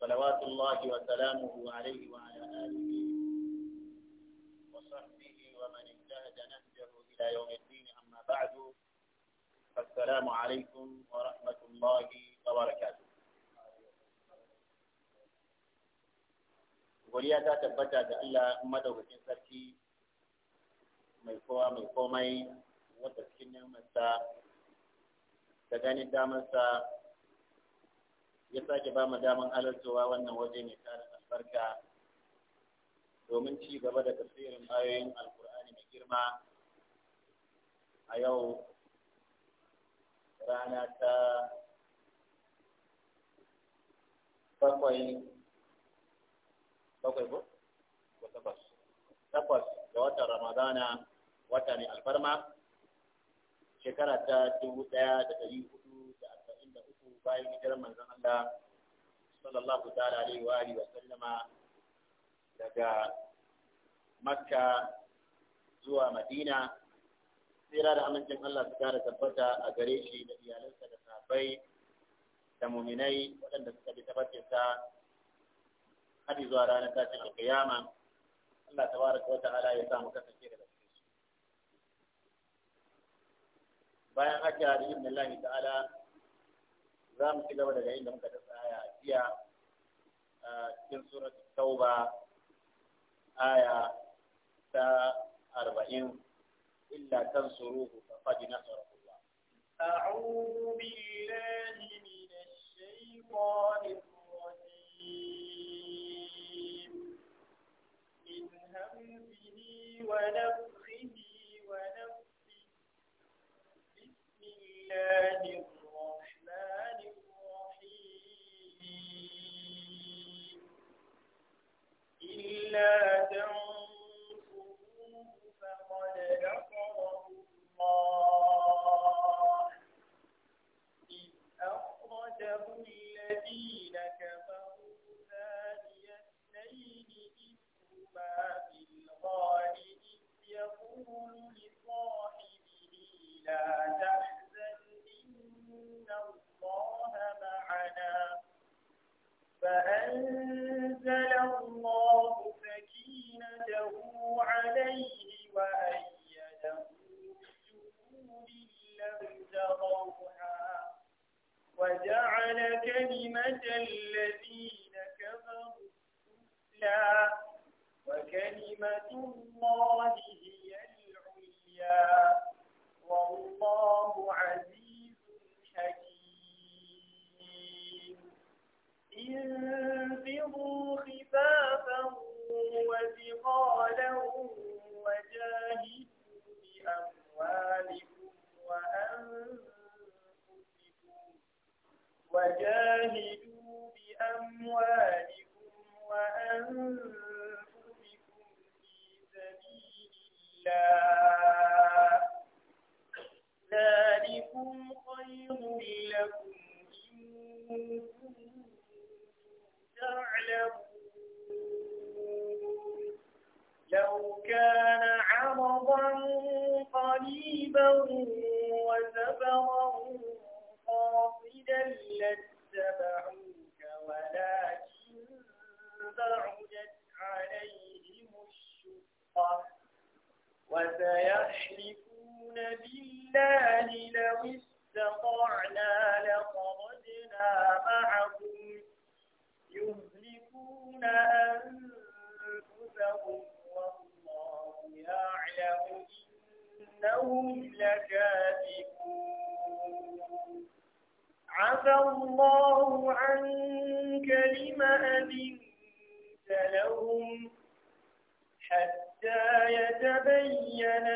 صلوات الله وسلامه عليه وعلى آله وصحبه ومن اجتهد نهجه إلى يوم الدين أما بعد فالسلام عليكم ورحمة الله وبركاته godiya ta tabbata ga Allah madaukakin sarki mai kowa mai komai wata cikin nemansa da ganin damarsa ya sake ba mu daman halartawa wannan waje mai tarin albarka domin ci gaba da tafsirin bayoyin alkur'ani mai girma a yau rana ta bakwai bakwai ko? takwas takwas ga watan ramadana wata ne alfarma shekara ta dubu ɗaya da ɗari bayan hijirar manzon Allah sallallahu ta'ala alaihi wa alihi wa sallama daga Makka zuwa Madina tsira da amincin Allah su kara tabbata a gare shi da iyalansa da sahabbai da muminai waɗanda suka bi tabbacin sa har zuwa ranar tashin alƙiyama Allah tabaraka wa ta'ala ya samu kasance da bayan haka da ibn Allah ta'ala za mu ci gaba daga inda muka ta tsaya a jiya cikin surat tauba aya ta arba'in illa tansuruhu faqad nasarahu Allah a'udhu da minash shaitanir rajim min hamzihi wa nafsihi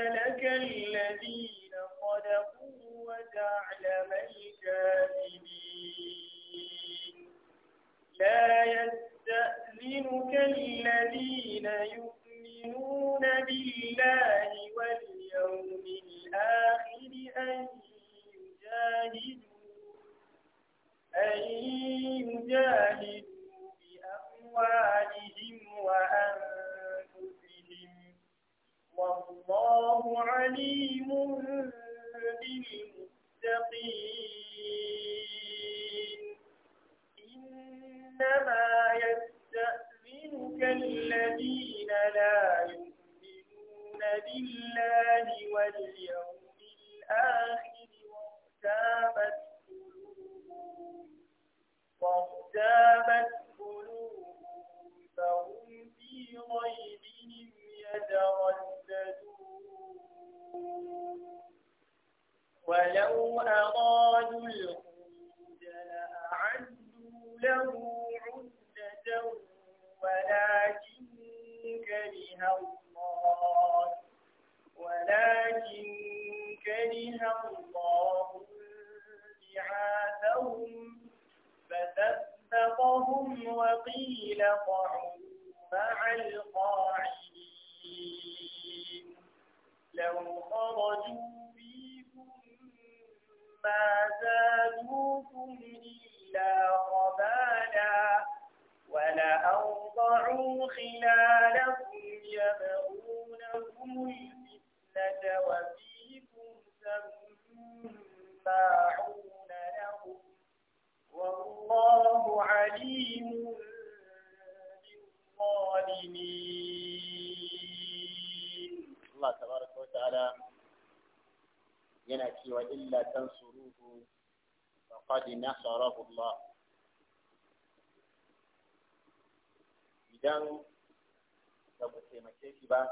لك الذين صدقوا وتعلم الكاذبين لا يستأذنك الذين يؤمنون بالله واليوم الآخر أن يجاهدوا أن يجاهدوا بأموالهم وأموالهم والله عليم بالمتقين إنما يستأذنك الذين لا يؤمنون بالله واليوم الآخر وارتابت قلوبهم وارتابت قلوبهم فهم في غيبهم يترددون ولو أرادوا الخروج لأعدوا له عدة ولكن كره الله ولكن كره الله بعاثهم فثبتهم وقيل قعوا مع القاعدين لو خرجوا فيكم ما زادوكم إلا خبالا ولأوضعوا خلالكم يبغونكم الفتنة وفيكم سماعون لهم والله عليم بالظالمين الله تبارك ta'ala yana cewa illa tansuruhu faqad nasarahu Allah idan ba ku taimake shi ba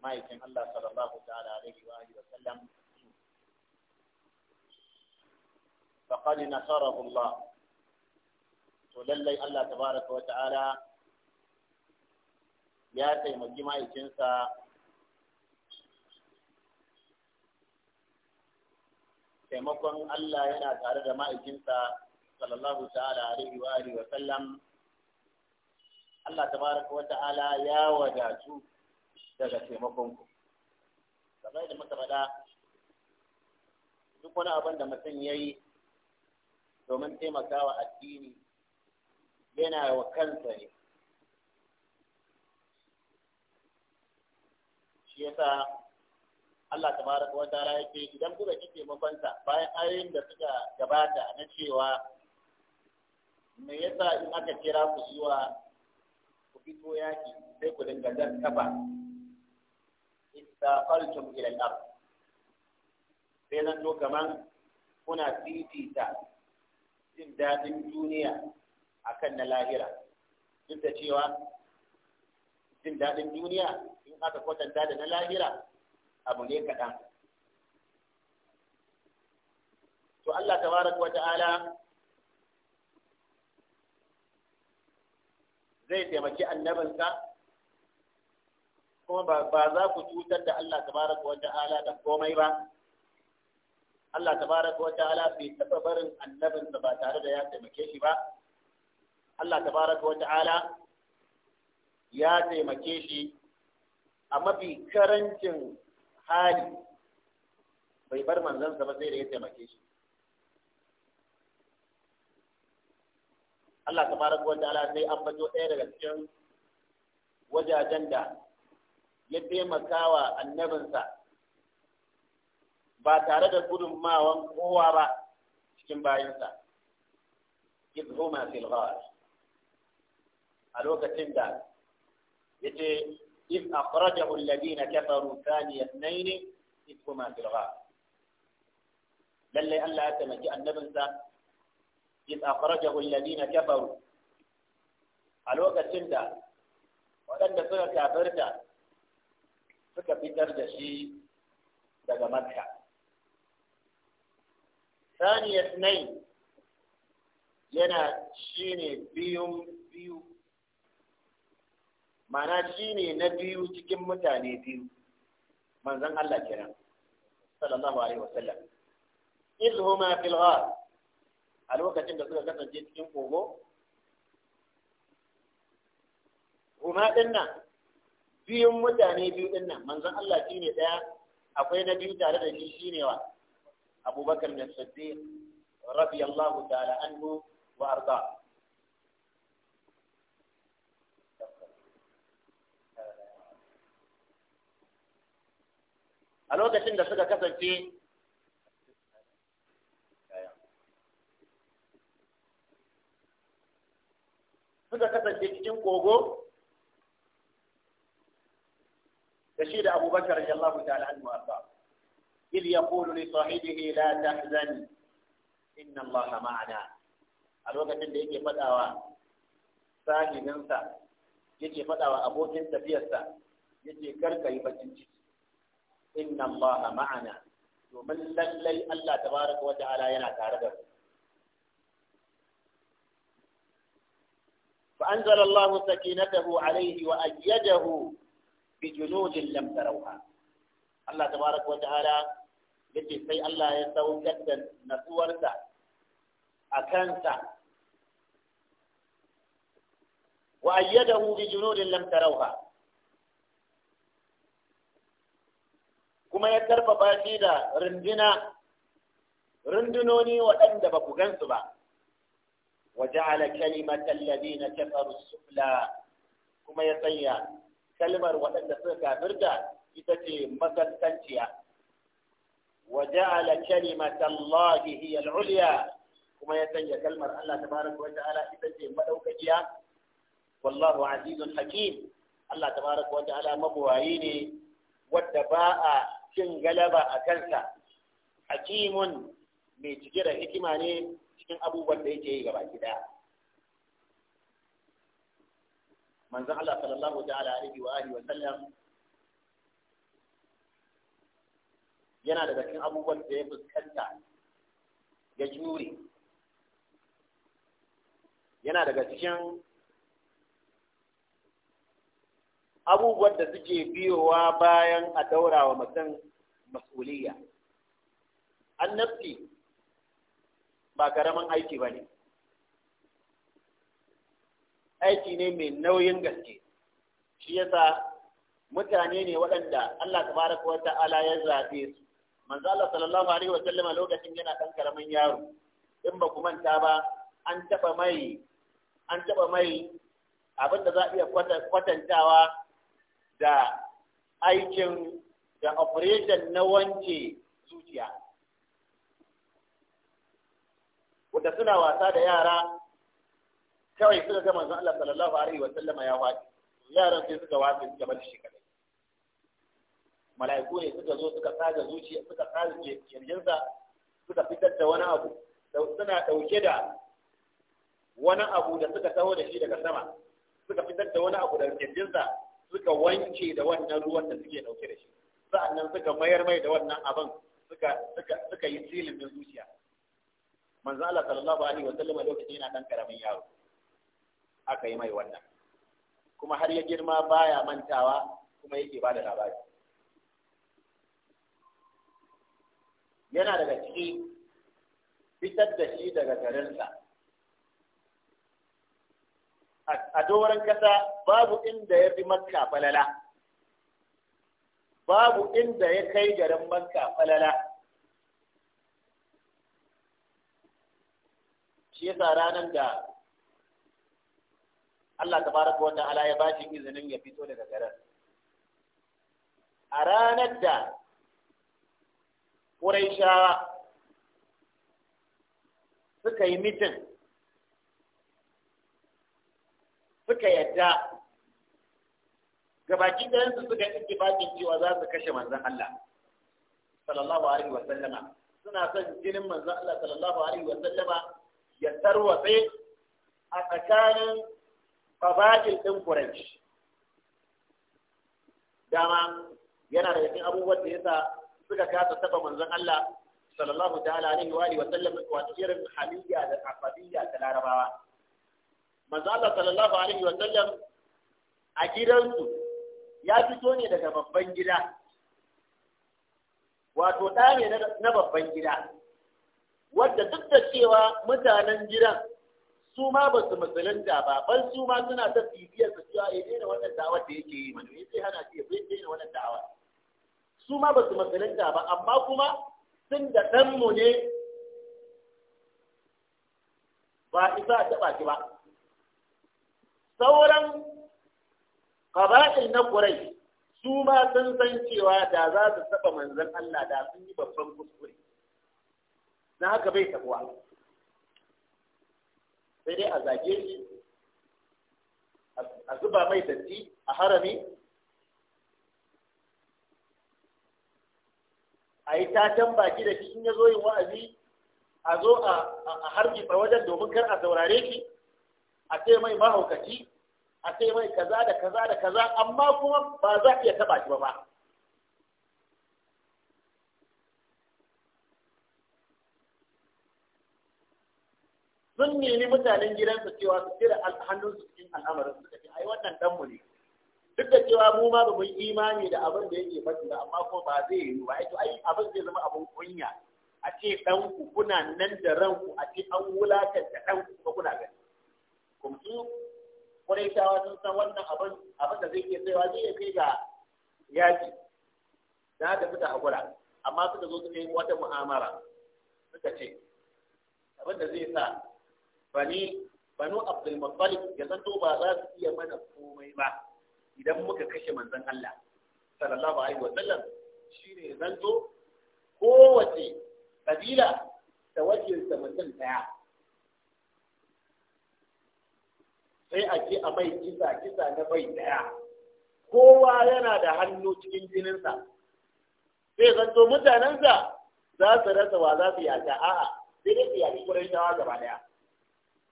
ma'aikin Allah sallallahu ta'ala alaihi wa alihi wa sallam faqad nasarahu Allah to lallai Allah tabaraka wa ta'ala ya taimaki ma'aikinsa taimakon Allah yana tare da ma'aikinsa sallallahu ta'ala alaihi wa alihi sallam Allah Ta baraka wa ta'ala ya wadatu daga taimakon ku kamar da muka faɗa duk wani abin da mutum ya yi domin taimakawa addini yana wa kansa ne shi yasa Allah tabaraka wa ta'ala yake idan kuka taimakon sa bayan ayoyin da suka gabata na cewa me yasa in aka kira ku zuwa ku fito yaki sai ku dinga jan kafa ita ila ilal ab sai nan to kaman kuna fifita jin daɗin duniya akan na lahira duk da cewa jin daɗin duniya in aka kwatanta da na lahira abu ne kaɗan to Allah tabaraka wa ta'ala zai taimaki annabinsa kuma ba za ku cutar da Allah tabaraka wa ta'ala da komai ba Allah tabaraka wa ta'ala bai taɓa barin annabinsa ba tare da ya taimake shi ba Allah tabaraka wa ta'ala ya taimake shi a mafi karancin hali bai bar manzansa ba sai da ya taimake shi Allah tabaraka wa ta'ala sai an bato ɗaya daga cikin wajajen da ya taimaka wa annabinsa ba tare da gudunmawan kowa ba cikin bayansa izhuma fil ghar a lokacin da yace إذ أخرجه الذين كفروا ثاني اثنين إذ هما في الغار للي ألا أتمكي النبي إذ أخرجه الذين كفروا على وقت سندا waɗanda suka kafirta suka fitar da shi daga makka saniyar nai yana shi ne biyun biyu ma'ana shi ne na biyu cikin mutane biyu manzon Allah kenan sallallahu alaihi wasallam izhuma fil ghar a lokacin da suka kasance cikin kogo huma din nan biyun mutane biyu din nan manzon Allah shi ne daya akwai na biyu tare da shi shine wa Abubakar bin Siddiq radiyallahu ta'ala anhu wa arda a lokacin da suka kasance suka kasance cikin kogo da shi da abubakar yallahu ta'ala an mu'abba إذ يقول لصاحبه لا تحزن إن الله معنا الوقت ma'ana a lokacin da yake yake fadawa abokin tafiyarsa yake karka yi bakin ciki inna الله ma'ana domin lallai Allah tabaraka wa ta'ala yana tare da فأنزل الله سكينته عليه وأيده بجنود لم تروها الله تبارك وتعالى يجي سي الله يسوي كدا نسورتا أكنتا وأيده بجنود لم تروها kuma ya karfafa shi da rundina rundunoni waɗanda ba ku gansu ba waje ala kalimatar lalli na kafar sufla kuma ya tsaya kalmar waɗanda suka kafirta ita ce makantanciya waje ala kalimatar lahihi al'uliya kuma ya tsaya kalmar allah ta bari kuwa ta ala ita ce maɗaukakiya wallahu azizun hakim allah ta bari kuwa ta ala mabuwayi ne wadda ba a cin galaba a kansa hakimun mai cike da hikima ne cikin abubuwan da yake yi gaba gida manzon Allah sallallahu ta'ala alaihi wa alihi wa sallam yana daga cikin abubuwan da ya fuskanta ya jure yana daga cikin abubuwan da suke biyowa bayan a daura wa mutum mas'uliyya annabci ba karaman aiki ba ne aiki ne mai nauyin gaske shi yasa mutane ne waɗanda Allah tabaraka wa ta'ala ya zabe su manzo Allah sallallahu alaihi wa sallama lokacin yana ɗan karamin yaro in ba ku manta ba an taɓa mai an taba mai abin da za a iya kwatantawa da aikin da operation na wance zuciya wanda suna wasa da yara kawai suka ga manzon Allah sallallahu alaihi wa sallama ya faɗi yaran sai suka wasa suka bar shi kadai mala'iku ne suka zo suka saga zuciya suka saga kirjinsa suka fitar da wani abu suna dauke da wani abu da suka taho da shi daga sama suka fitar da wani abu daga kirjinsa suka wanke da wannan ruwan da suke dauke da shi sa'annan suka mayar mai da wannan abin suka yi silin zuciya manzo Allah sallallahu alaihi wa sallam lokacin yana dan karamin yaro aka yi mai wannan kuma har ya girma baya mantawa kuma yake bada labari yana daga ciki fitar da shi daga garinsa a doron kasa babu inda ya fi makka falala babu inda ya kai garin makka falala shi yasa ranar da Allah tabaraka wa ta'ala ya bashi izinin ya fito daga garin a ranar da Qurayshawa suka yi mitin suka yadda gabaki ɗayan su suka ittifaqin cewa za su kashe manzan Allah sallallahu alaihi wa sallama suna son jinin manzan Allah sallallahu alaihi wa sallama ya tarwatse a tsakanin fabadil ɗin Quraysh dama yana da cikin abubuwan da yasa suka kasa taba manzan Allah sallallahu ta'ala alaihi wa alihi wa sallam irin haliyya da afadiyya ta larabawa manzon Allah sallallahu alaihi wa sallam a gidansu ya fito ne daga babban gida wato ɗa ne na babban gida wadda duk da cewa mutanen gidan su ma ba su musulunta ba ban su ma suna ta bibiyar su cewa ya eh, daina wannan da'awar da yake yi mana sai hana ce ya daina wannan da'awar su ma ba su musulunta ba amma kuma sun da ɗanmu mu ne ba isa a taɓa ki ba sauran qaba'il na Kurai su ma sun san cewa da za su taba manzon Allah da sun yi babban kuskure na haka bai tabuwa sai dai a zage shi a zuba mai datti a harami a yi tatan baki da shi in ya yin wa'azi a zo a harbi wajen domin kar a saurare shi a ce mai mahaukaci a sai mai kaza da kaza da kaza amma kuma ba za a iya taba shi ba ba sun nemi mutanen gidansa cewa su cire hannunsu cikin al'amarin su tafi ai wannan dan mu ne duk da cewa mu ma ba mu yi imani da abin da yake faɗi ba amma kuma ba zai yi ba to ai abin zai zama abin kunya a ce dan ku kuna nan da ranku a ce an wulakanta dan ku ba kuna gani kuma ƙuraitawa sun san wannan abin abin da zai iya tsayawa zai ya kai ga yaƙi da haka suka haƙura amma suka zo suka yi wata mu'amara suka ce abin da zai sa bani banu abdul muttalib ya zanto ba za su iya mana komai ba idan muka kashe manzon Allah sallallahu alaihi wa sallam shine zanto kowace kabila ta wakilta mutum daya sai a ce a mai kisa kisa na bai daya kowa yana da hannu cikin jininsa sai zanto mutanensa za su rasa wa za su yata a'a sai dai su yaki kuren shawa gaba daya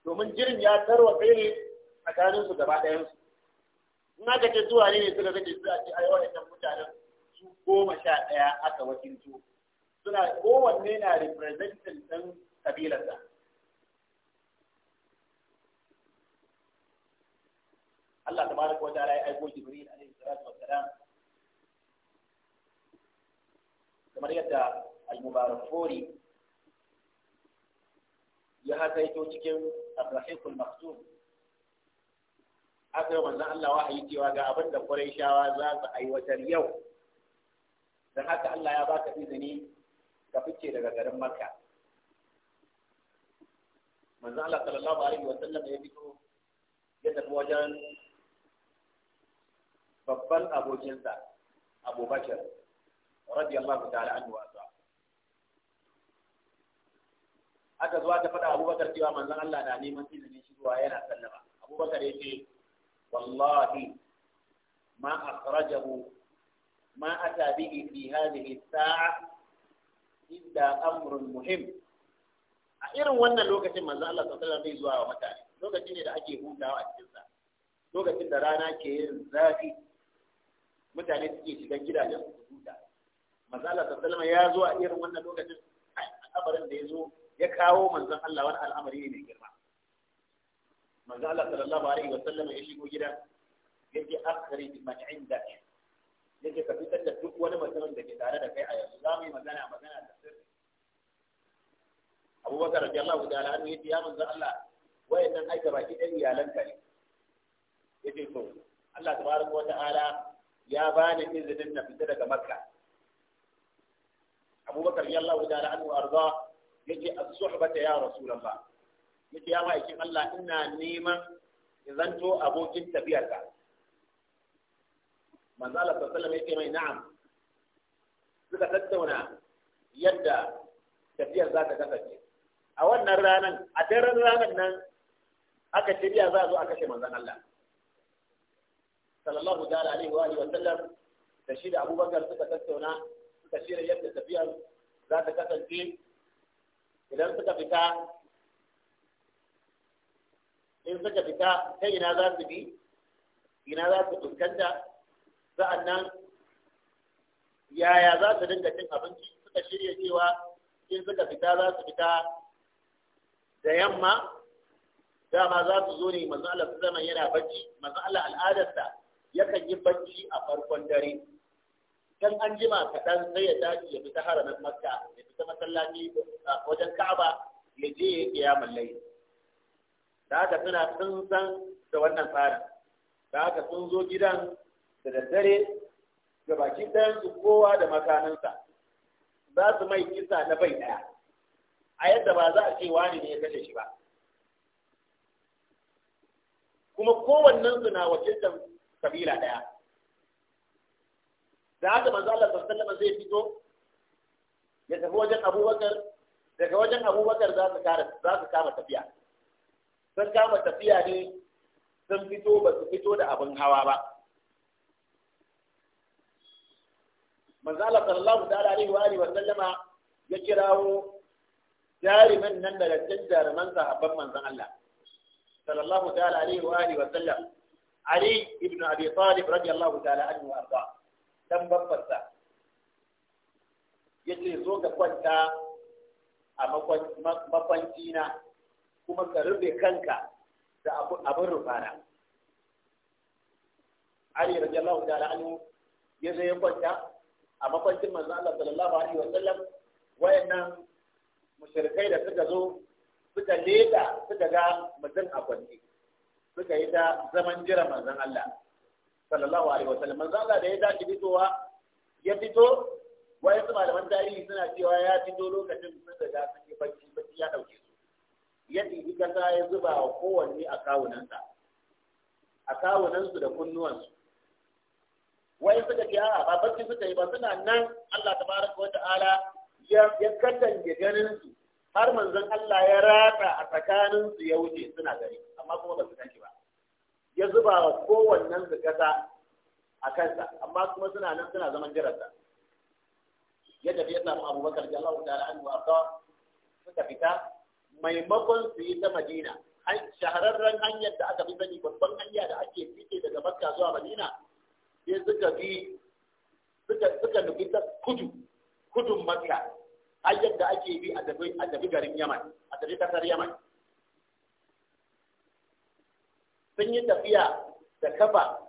domin jirin ya tarwa kai ne tsakaninsu gaba dayansu in aka ce zuwa ne ne suka kace su a ce ai mutanen su goma sha ɗaya aka wakilto suna kowanne na representing ɗan kabilarsa Allah tabaraka wa ta'ala ya aiko Jibril alaihi salatu wassalam kamar yadda al-mubarak ya haka hakaito cikin ar-rahiqul maktum aka yi manzon Allah wahayi cewa ga abin da shawa za su aiwatar yau dan haka Allah ya baka izini ka fice daga garin Makka manzon Allah sallallahu alaihi wa sallam ya fito ya tafi wajen babban abokinsa abubakar radiyallahu ta'ala anhu wa ta'ala aka zuwa ta faɗa abubakar cewa manzon Allah na neman izinin shigowa yana sallama abubakar ya ce wallahi ma akhrajahu ma ata bihi fi hadhihi sa'a illa amrun muhim a irin wannan lokacin manzon Allah sallallahu alaihi wasallam bai zuwa wa mutane Lokacin ne da ake hutawa a cikin sa lokacin da rana ke yin zafi mutane suke shiga gidajen su huta manzo Allah sallallahu ya zo a irin wannan lokacin al'amarin da ya zo ya kawo manzon Allah wani al'amari ne mai girma manzo Allah sallallahu alaihi wa sallam ya shigo gida yake akhrij man indak yake ka fitar da duk wani mutumin da ke tare da kai a yanzu za mu yi magana magana da sirri abubakar radiyallahu ta'ala an yi ya manzon Allah wayannan ai gaba ki dan iyalanka ne ce to Allah tabaraka wa ta'ala يا إذن في ذلك مكة أبو بكر رضي الله تعالى عنه وأرضاه يجي الصحبة يا رسول الله يجي الله يجي الله إنا نيما إذا أنتو أبو جنت بيرك ما زال صلى الله عليه وسلم يجي نعم إذا تتونا يدى تبير ذات كفتي أولنا رانا أترى رانا أكتبير ذات أكتبير ذات الله sallallahu alaihi wa alihi wa sallam da shi da abubakar suka tattauna suka shirya yadda tafiyar za ta kasance idan suka fita in suka fita ta ina za su bi ina za su fuskanta nan yaya za su dinga cin abinci suka shirya cewa in suka fita za su fita da yamma dama za su zo ne manzo Allah su zama yana bacci manzo Allah al'adarsa yakan yi bacci a farkon dare Idan an jima kaɗan sai ya dace ya fita haramin makka ya fita masallaci wajen ka'aba ya je ya kiyamun layi da haka suna sun san da wannan tsarin da haka sun zo gidan da daddare ga baki ɗayan su kowa da makaninsa za su mai kisa na bai ɗaya a yadda ba za a ce wani ne ya kashe shi ba kuma kowannen su na wakiltar kabila ɗaya. da haka manzo Allah sallallahu alaihi zai fito ya tafi wajen Abubakar daga wajen Abubakar za su kare za su kama tafiya sun kama tafiya ne sun fito ba su fito da abin hawa ba manzo Allah sallallahu alaihi wa alihi wasallama ya kirawo jarumin nan daga cikin jaruman sahabban manzon Allah sallallahu alaihi wa alihi wasallam Ali ibn Abi Talib radiyallahu ta'ala anhu don dan ya ce zo ga kwanta a makwancina kuma ka rufe kanka da abin rufana Ali radiyallahu ta'ala anhu ya zo ya kwanta a makwancin masu Allah sallallahu alaihi wa sallam wayannan mushrikai da suka zo suka leta, suka ga mutum a kwance suka yi ta zaman jira manzan Allah sallallahu alaihi wasallam manzan Allah da ya dace fitowa ya fito wai su malaman tarihi suna cewa ya fito lokacin sun da sun yi bacci bacci ya dauke su ya ɗibi kasa ya zuba wa kowanne a kawunansa a kawunansu da kunnuwansu wai suka ce a ba bacci suka yi ba suna nan Allah tabaraka wa ta'ala ya katange ganin su har manzon Allah ya ratsa a tsakaninsu ya wuce suna gari amma kuma ba su tashi ba ya zuba wa kowannen su kasa a kansa amma kuma suna nan suna zaman jiransa ya tafi ya samu abubakar da Allah ta'ala an wa ka suka fita maimakon su yi ta Madina shahararren hanyar da aka fi sani babban hanya da ake fice daga Makka zuwa Madina sai suka bi suka suka nufi ta kudu kudun Makka hanyar da ake bi a tafi a tafi garin Yaman a tafi kasar Yaman sun yi tafiya da kafa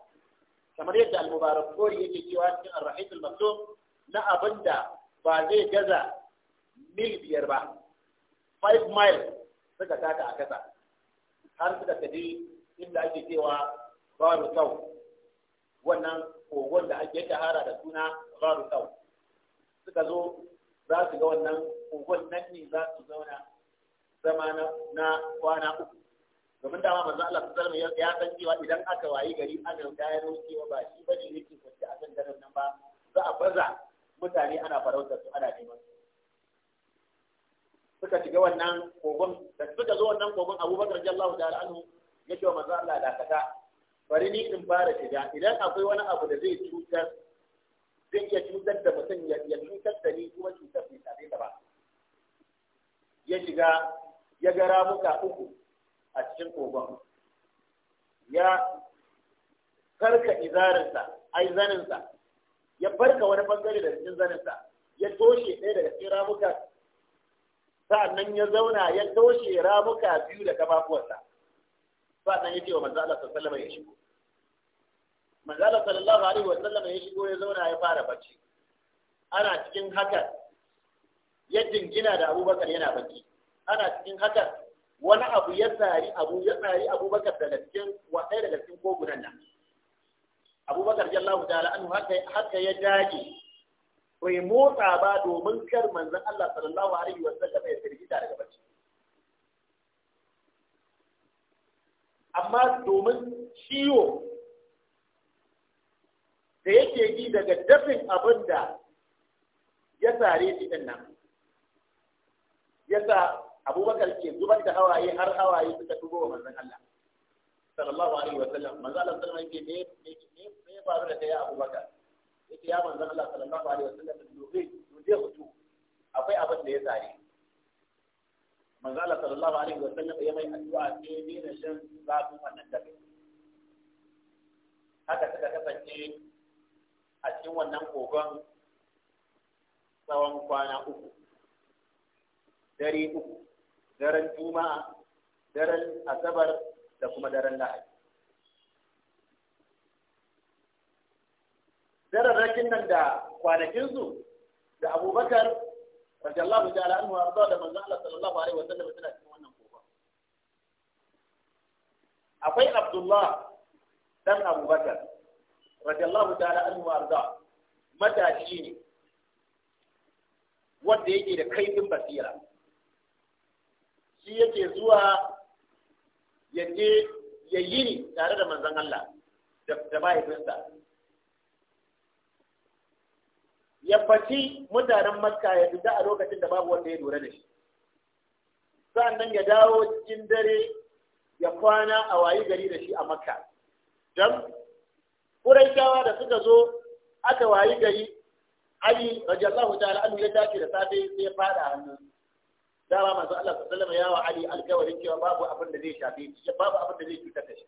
kamar yadda al-mubarak kori yake cewa cikin ar-rahim al-maktub na abinda ba zai gaza mil biyar ba 5 miles suka taka a kasa har suka tafi inda ake cewa baru kau wannan kogon da ake tahara da suna baru kau suka zo za su ga wannan kogon nan ne za su zauna zama na kwana uku domin dama manzo Allah sallallahu alaihi wasallam ya san cewa idan aka wayi gari ana gano cewa ba shi bane yake kwanci a kan daren nan ba za a baza mutane ana farautar su ana neman suka shiga wannan kogon da suka zo wannan kogon Abubakar radiyallahu ta'ala anhu ya ce wa manzo Allah dakata bari ni in fara shiga idan akwai wani abu da zai cutar zai iya cutar da mutum ya cutar da ni kuma cutar bai same ta ba ya shiga ya ga ramuka uku a cikin kogon ya karka izarinsa ai zaninsa ya farka wani bangare da cikin zaninsa ya toshe ɗaya daga cikin ramuka sa'annan ya zauna ya toshe ramuka biyu da kafafuwarsa sa'annan ya ce wa manzo Allah sallallahu alaihi ya shigo manzo Allah sallallahu alaihi wasallam ya shigo ya zauna ya fara bacci ana cikin hakan ya jingina da Abubakar yana bacci ana cikin hakan wani abu ya tsari abu ya tsari abubakar daga cikin waɗaya daga cikin kogunan nan abubakar jallahu ta'ala anhu haka haka ya dage bai motsa ba domin kar manzon Allah sallallahu alaihi wa sallam ya da daga bacci amma domin ciwo da yake yi daga dafin abin da ya tsare shi din nan yasa abubakar ke zubar da hawaye har hawaye suka tubo wa manzan Allah sallallahu alaihi wa sallam manzon Allah sallallahu alaihi wa sallam yake ne me ya faru da kai abubakar yake ya manzan Allah sallallahu alaihi wa sallam dubi dubi hutu akwai abin da ya tsare manzan Allah sallallahu alaihi wa sallam ya mai addu'a sai ne da shan zafi wannan dabi haka suka kasance a cikin wannan kogon tsawon kwana uku dare uku daren juma'a daren asabar da kuma daren lahadi dararrakin nan da kwanakinsu da abubakar radiyallahu ta'ala anhu arda da manzo Allah sallallahu alaihi sallam suna cikin wannan kofa akwai abdullah dan abubakar radiyallahu ta'ala anhu arda matashi ne wanda yake da kaifin basira shi yake zuwa ya je ya tare da manzon Allah da mahaifinsa ya faci mutanen makka ya fita a lokacin da babu wanda ya lura da shi nan ya dawo cikin dare ya kwana a wayi gari da shi a makka don kuraishawa da suka zo aka wayi gari ali radiyallahu ta'ala anhu ya tashi da safe sai ya fada hannunsu. dama masu Allah su sallama ya wa Ali alkawarin cewa babu abin da zai shafe shi babu abin da zai cutar da shi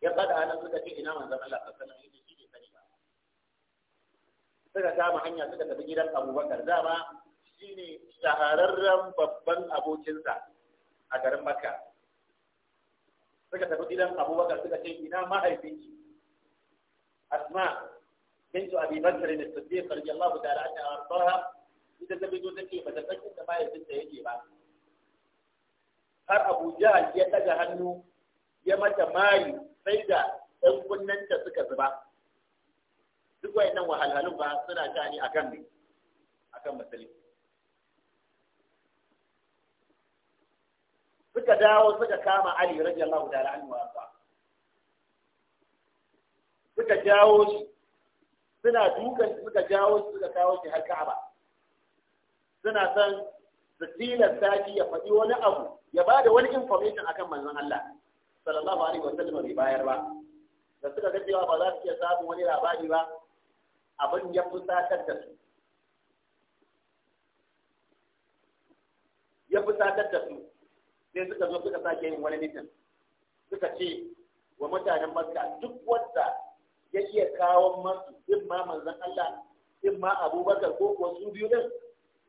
ya kada anan suka ce ina manzon Allah su sallama yake shi ne sani ba suka kama hanya suka tafi gidan Abubakar dama shi ne shahararren babban abokinsa a garin Makka suka tafi gidan Abubakar suka ce ina mahaifinki Asma bintu Abi Bakr ne Siddiq radiyallahu ta'ala anha ardaha ita ta fito take ce ba ta tsakin da yake ba har abu jahal ya daga hannu ya mata mari sai da ɗan kunnanta suka zuba duk nan wahalhalun ba suna ta ne akan ne akan musulmi suka dawo suka kama Ali radiyallahu ta'ala anhu wa suka jawo shi suna dukan suka jawo shi suka kawo shi har Ka'aba suna son su tilasta shi ya faɗi wani abu ya ba da wani information akan manzon Allah sallallahu alaihi wa sallam bai bayar ba da suka ga cewa ba za su iya samun wani labari ba abin ya satar da su ya satar da su sai suka zo suka sake yin wani mitin suka ce wa mutanen Makka duk wanda ya iya kawo masu imma ma manzon Allah imma ma Abubakar ko kuwa su biyu din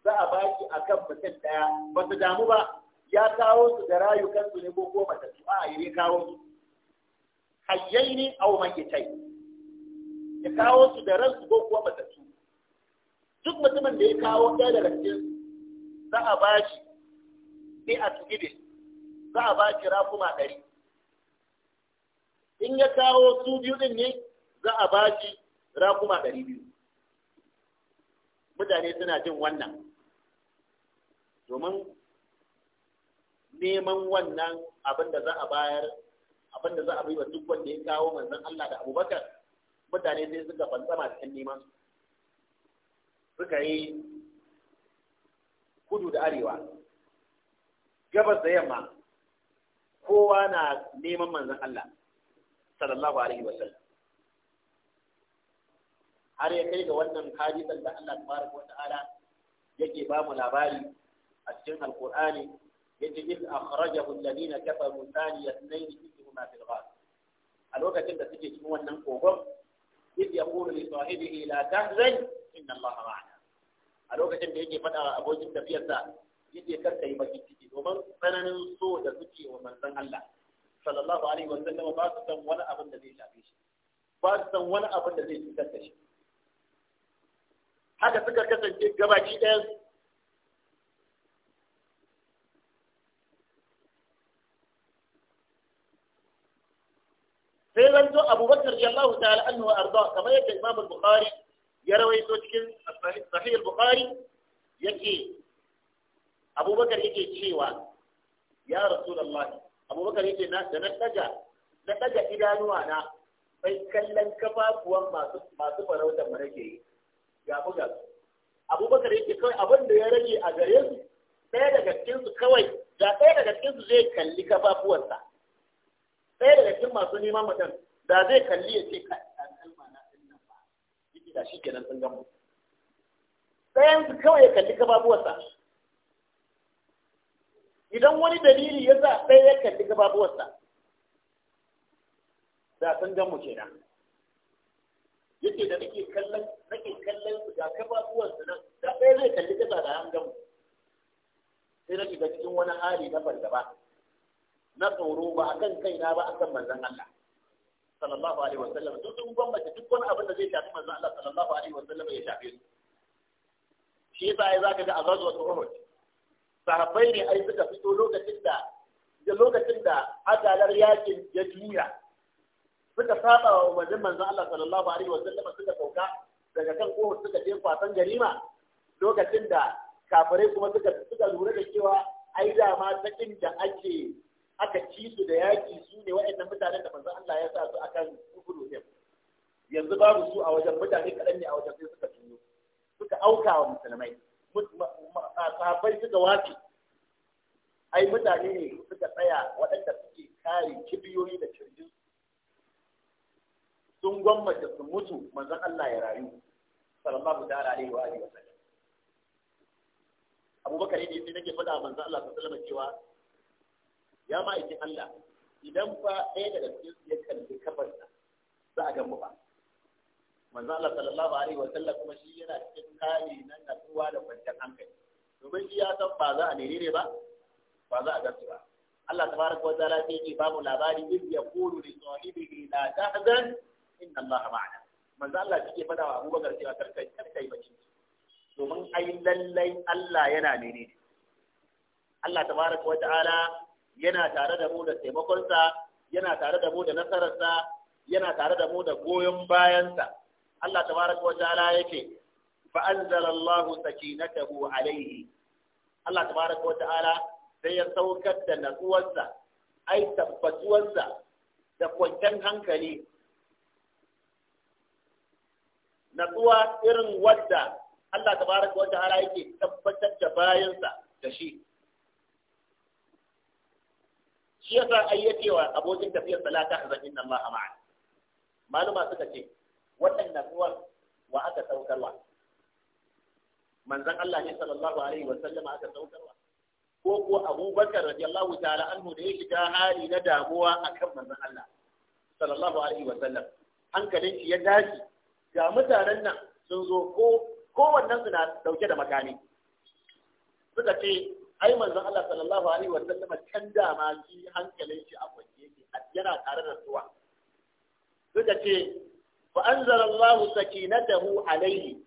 za a baki akan mutum ɗaya ba su damu ba ya kawo su da rayukansu ne ko goma ta su a yi kawo su hayyai ne a makitai ya kawo su da ransu ko ta su duk mutumin da ya kawo ɗaya daga cikin za a baki shi sai a tuɓi za a baki shi rafuma ɗari in ya kawo su biyu ɗin ne za a baki shi rafuma ɗari biyu mutane suna jin wannan domin neman wannan abin da za a bayar abin da za a wa duk wanda ya kawo manzon Allah da Abubakar mutane sai suka fantsama cikin neman suka yi kudu da arewa gabas da yamma kowa na neman manzon Allah sallallahu alaihi wa sallam har ya kai ga wannan hadisan da Allah tabaraka wa ta'ala yake ba mu labari a cikin a alqur'ani yace iz akhrajahu alladhina kafaru thani yasnayn fihima fil ghar a lokacin da suke cikin wannan kogon iz yaqulu li sahibihi la tahzan inna allaha ma'ana a lokacin da yake faɗa wa abokin tafiyarsa yake kar yi baki ciki domin tsananin so da suke wa manzon Allah sallallahu alaihi wa sallam ba su san wani abin da zai shafe shi ba su san wani abin da zai cutar da shi haka suka kasance gabaki ɗaya sai zanto abubakar Allah ta'ala annu wa arda kamar yadda imam al-bukhari ya rawaito cikin sahih al-bukhari yake abubakar yake cewa ya rasulullahi abubakar yake na da na daga daga idanuwa na sai kallon kafafuwan masu masu farautar mu nake yi ga buga abubakar yake kawai abin da ya rage a gare su ɗaya daga cikin su kawai da ɗaya daga cikin su zai kalli kafafuwansa ɗaya daga cikin masu neman mutum da zai kalli ya ce kai kalma na ɗin nan ba yake da shi kenan sun gamu ɗayan su kawai ya kalli gababuwarsa idan wani dalili ya sa ɗaya ya kalli gababuwarsa da sun gamu kenan yake da nake kallon nake kallon su ga gababuwarsu nan da ɗaya zai kalli gaba da an gamu sai na shiga cikin wani hali na fargaba na tsoro ba a kan kaina ba a kan manzan Allah sallallahu alaihi wasallam duk sun gwamnati duk wani abin da zai shafi manzan Allah sallallahu alaihi wasallam ya shafe su shi yasa ai zaka ga azazu wa uhud sahabbai ne ai suka fito lokacin da da lokacin da agalar yakin ya juya suka saba wa wajen manzan Allah sallallahu alaihi wasallam suka sauka daga kan uhud suka je kwasan garima? lokacin da kafirai kuma suka suka lura da cewa ai da ma ta inda ake aka ci su da yaƙi su ne waɗannan mutanen da manzo Allah ya sa su akan kufuru ne yanzu babu su a wajen mutane kaɗan ne a wajen sai suka tuno suka auka wa musulmai sahabbai suka wace ai mutane ne suka tsaya waɗanda suke kare kibiyoyi da cirgin sun gwammace su mutu manzon Allah ya rayu sallallahu ta'ala alaihi wa sallam Abubakar ne sai nake faɗa manzon Allah sallallahu alaihi wa sallam cewa ya ma ma'aikin Allah idan fa ɗaya daga cikin su ya kalli kafarsa za a gamu ba manzo Allah sallallahu alaihi wa sallam kuma shi yana cikin kare na natsuwa da kwanciyar hankali domin shi ya san ba za a nere ba ba za a gasu ba Allah tabaraka wa ta'ala sai yake bamu labari in ya kulu li sahibihi la tahzan inna Allah ma'ana manzo Allah yake fada wa Abubakar cewa karkai karkai bacin domin ai lallai Allah yana nere Allah tabaraka wa ta'ala yana tare da mu da taimakonsa yana tare da mu da nasararsa yana tare da mu da goyon bayansa Allah tabaraka wa ta'ala yake fa anzalallahu sakinatahu alayhi Allah tabaraka wa ta'ala sai ya saukar da natsuwarsa ai tabbatuwarsa da kwanciyar hankali natsuwa irin wadda Allah tabaraka wa ta'ala yake tabbatar da bayansa da shi shi yasa ai yake wa abokin tafiyar sala ta hazan inna Allah ma'a maluma suka ce waɗannan natsuwar wa aka saukarwa manzon Allah ne sallallahu alaihi wa sallama aka saukarwa ko ko Abubakar radiyallahu ta'ala anhu da ya shiga hali na damuwa akan manzon Allah sallallahu alaihi wa sallam hankalin shi ya dace ga mutanen nan sun zo ko kowannen su na dauke da makami suka ce ai manzon Allah sallallahu alaihi wa sallam can da ma shi hankalin shi a kwance yake yana tare da suwa suka ce fa anzala Allah sakinatahu alaihi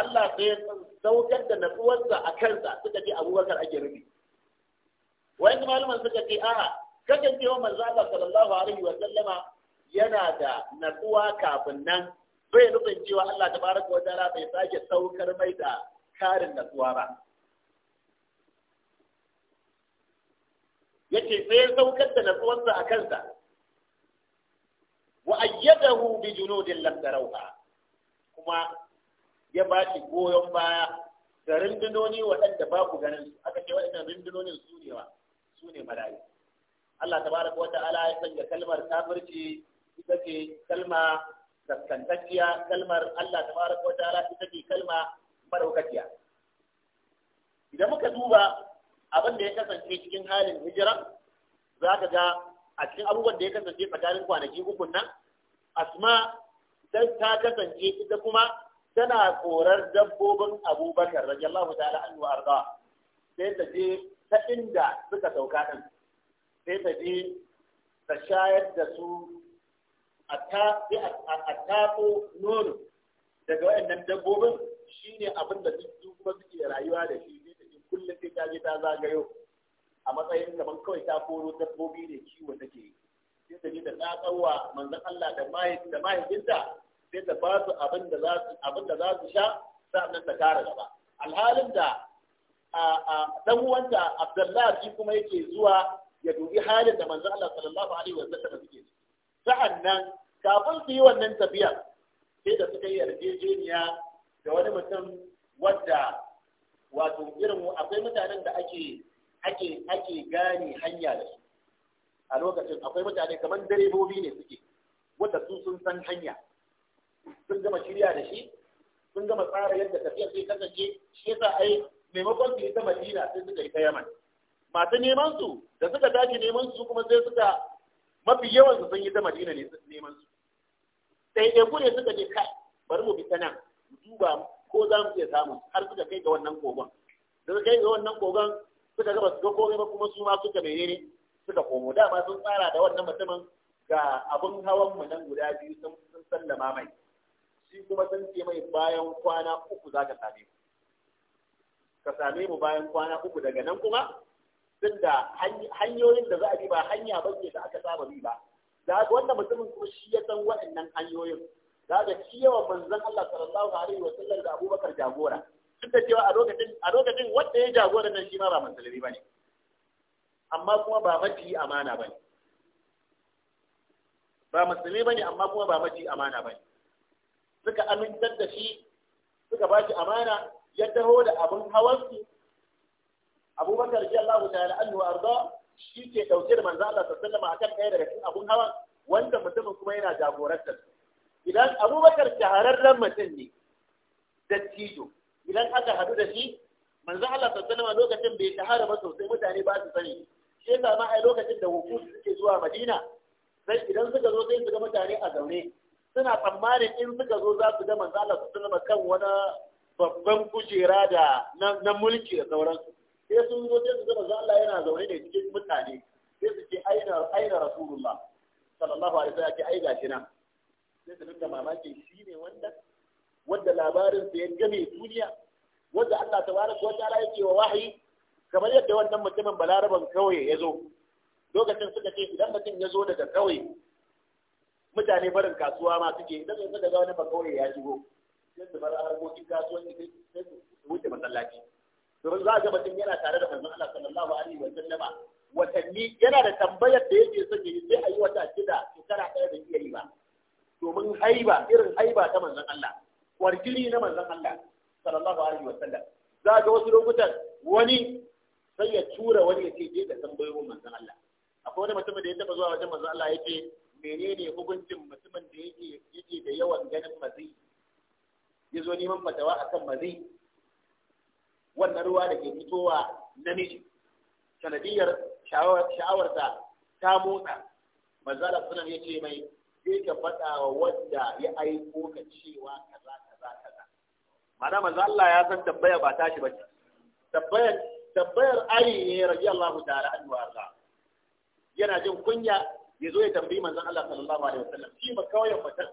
Allah sai ya saukar da natsuwarsa a kansa suka ce Abubakar ake rubi wani malaman suka ce a kasancewa manzo Allah sallallahu alaihi wa sallama yana da natsuwa kafin nan bai nufin cewa Allah ta tabaraka wa ta'ala bai sake saukar mai da karin natsuwa ba yace sai ya saukar da natsuwarsa a kansa wa hu bi junudin lam tarauha kuma ya ba shi goyon baya da rindinoni waɗanda ba ku ganin su aka ce waɗannan rundunonin su ne wa su ne mala'i Allah tabaraka wa ta'ala ya sanya kalmar kafirci ita ce kalma gaskantacciya kalmar Allah tabaraka wa ta'ala ita ce kalma madaukakiya idan muka duba abin da ya kasance cikin halin hijira za ka ga a cikin abubuwan da ya kasance tsakanin kwanaki uku nan asma sai ta kasance ita kuma tana korar dabbobin abubakar radiyallahu ta'ala annu arda sai ta je ta inda suka sauka din sai ta je ta shayar da su a taɓo nono daga waɗannan dabbobin shine abin da duk kuma suke rayuwa da shi kullum sai ta je ta zagayo a matsayin kamar kawai ta koro dabbobi ne kiwo take yi sai ta je ta tsawa manzon Allah da da mahaifinta sai ta ba su abin da za su abin da za su sha sannan ta kara gaba alhalin da dan uwanta Abdullahi kuma yake zuwa ya dubi halin da manzon Allah sallallahu alaihi wasallam suke ciki sa'annan kafin su yi wannan tafiya sai da suka yi yarjejeniya da wani mutum wadda wato irin akwai mutanen da ake ake ake gane hanya da su a lokacin akwai mutane kamar direbobi ne suke wanda su sun san hanya sun gama shirya da shi sun gama tsara yadda tafiyar zai kasance shi yasa ai maimakon su yi ta madina sai suka yi ta yaman masu neman su da suka dace neman su kuma sai suka mafi yawan su sun yi ta madina ne neman su sai ɗaya ne suka je kai bari mu bi ta nan duba ko za mu iya samu har suka kai ga wannan kogon daga kai ga wannan kogon suka ga su ga komai ba kuma su ma suka menene suka komo da ba sun tsara da wannan mutumin ga abun hawan mu nan guda biyu sun sallama mai shi kuma sun ce mai bayan kwana uku za ka same ka same mu bayan kwana uku daga nan kuma tun da hanyoyin da za a bi ba hanya ba ce da aka saba bi ba da wannan mutumin kuma shi ya san waɗannan hanyoyin za ga ci yawan manzon Allah sallallahu alaihi wa sallam da Abubakar jagora duk da cewa a lokacin a lokacin wanda ya jagora nan shi ma ba musulmi bane amma kuma ba mafi amana bane ba musulmi bane amma kuma ba mafi amana bane suka amintar da shi suka ba shi amana ya taho da abin hawansu abubakar shi Allah ta'ala annu arda shi ke dauke da manzon Allah sallallahu alaihi sallam akan ɗaya daga cikin abun hawan wanda mutumin kuma yana jagorantar su idan abubakar shahararren mutum ne dattijo idan aka haɗu da shi manzo Allah sallallahu alaihi lokacin bai shahara ba sosai mutane ba su sani shi yasa ma ai lokacin da hukumu suke zuwa Madina sai idan suka zo sai su ga mutane a zaune suna tsammanin in suka zo za su ga manzo Allah sallallahu alaihi kan wani babban kujera da na mulki da sauransu sai sun zo sai su ga manzo Allah yana zaune ne cikin mutane sai su ce aina aina rasulullah sallallahu alaihi wasallam ya ce ai gashi nan sai su dinga mamaki shi ne wanda wanda labarin sa ya game duniya wanda Allah tabaraka wataala yake wa wahayi kamar yadda wannan mutumin balaraban kauye ya zo lokacin suka ce idan mutum ya zo daga kauye mutane barin kasuwa ma suke idan yanzu daga wani bakauye ya shigo sai su bar harkokin kasuwanci sai su wuce masallaci domin za a ga mutum yana tare da manzon Allah sallallahu alaihi wa sallama watanni yana da tambayar da yake son yi sai a yi wata shida shekara ɗaya da iya yi ba domin haiba irin haiba ta manzon Allah kwarkiri na manzon Allah sallallahu alaihi wasallam za ga wasu lokutan wani sai ya tura wani ya ce je ka Manzan manzon Allah akwai wani mutumin da ya taba zuwa wajen manzon Allah ya ce menene hukuncin mutumin da yake yake da yawan ganin mazi ya zo neman fatawa akan mazi wannan ruwa da ke fitowa namiji sanadiyar sha'awarta ta motsa manzon Allah ya ce mai sai ka faɗa wa wanda ya aiko ka cewa kaza kaza kaza ma'ana manzo Allah ya san tabbaya ba tashi ba tabbayar tabbayar Ali ne radiyallahu ta'ala anhu arda yana jin kunya ya zo ya tambayi manzo Allah sallallahu alaihi wasallam shi ba kauyen mutum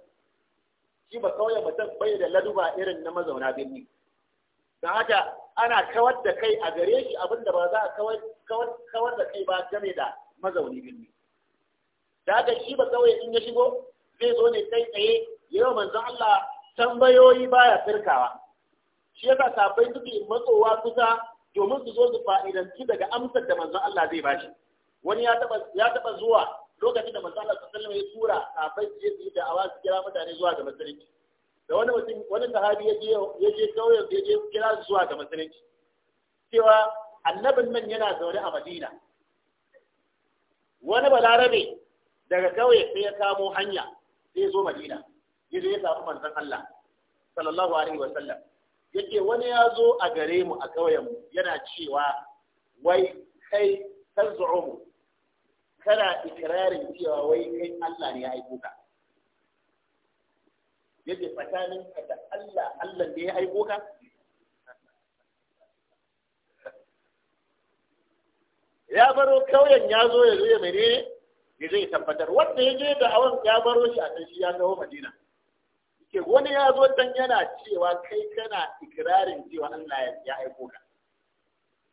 shi ba kauyen mutum bai da laduba irin na mazauna birni Da haka ana kawar da kai a gare shi abinda ba za a kawar da kai ba game da mazauni birni da ga shi ba kawai in ya shigo zai zo ne kai tsaye yau manzo Allah tambayoyi baya firkawa shi yasa sabai suke matsowa kusa domin su zo su fa'idanci daga amsar da manzo Allah zai bashi wani ya taba ya taba zuwa lokacin da manzo Allah sallallahu alaihi wasallam ya tura sabai su yi da awa kira mutane zuwa ga masallaci da wani mutum wani sahabi ya je ya je kauyen ya je kira su zuwa ga masallaci cewa annabin nan yana zaune a Madina wani balarabe daga kawai sai ya kamo hanya sai ya zo madina ya ya samu manzan Allah sallallahu alaihi wa sallam yake wani ya zo a gare mu a kauyen mu yana cewa wai kai tazumu kana ikirarin cewa wai kai Allah ne ya aiko ka yake tsakanin ka da Allah Allah ne ya aiko ka ya baro kauyen ya zo ya zo ya menene ya zai tabbatar wanda ya je da awon ya baro shi a kan shi ya gawo madina ke wani ya zo dan yana cewa kai kana ikirarin cewa Allah ya aiko ka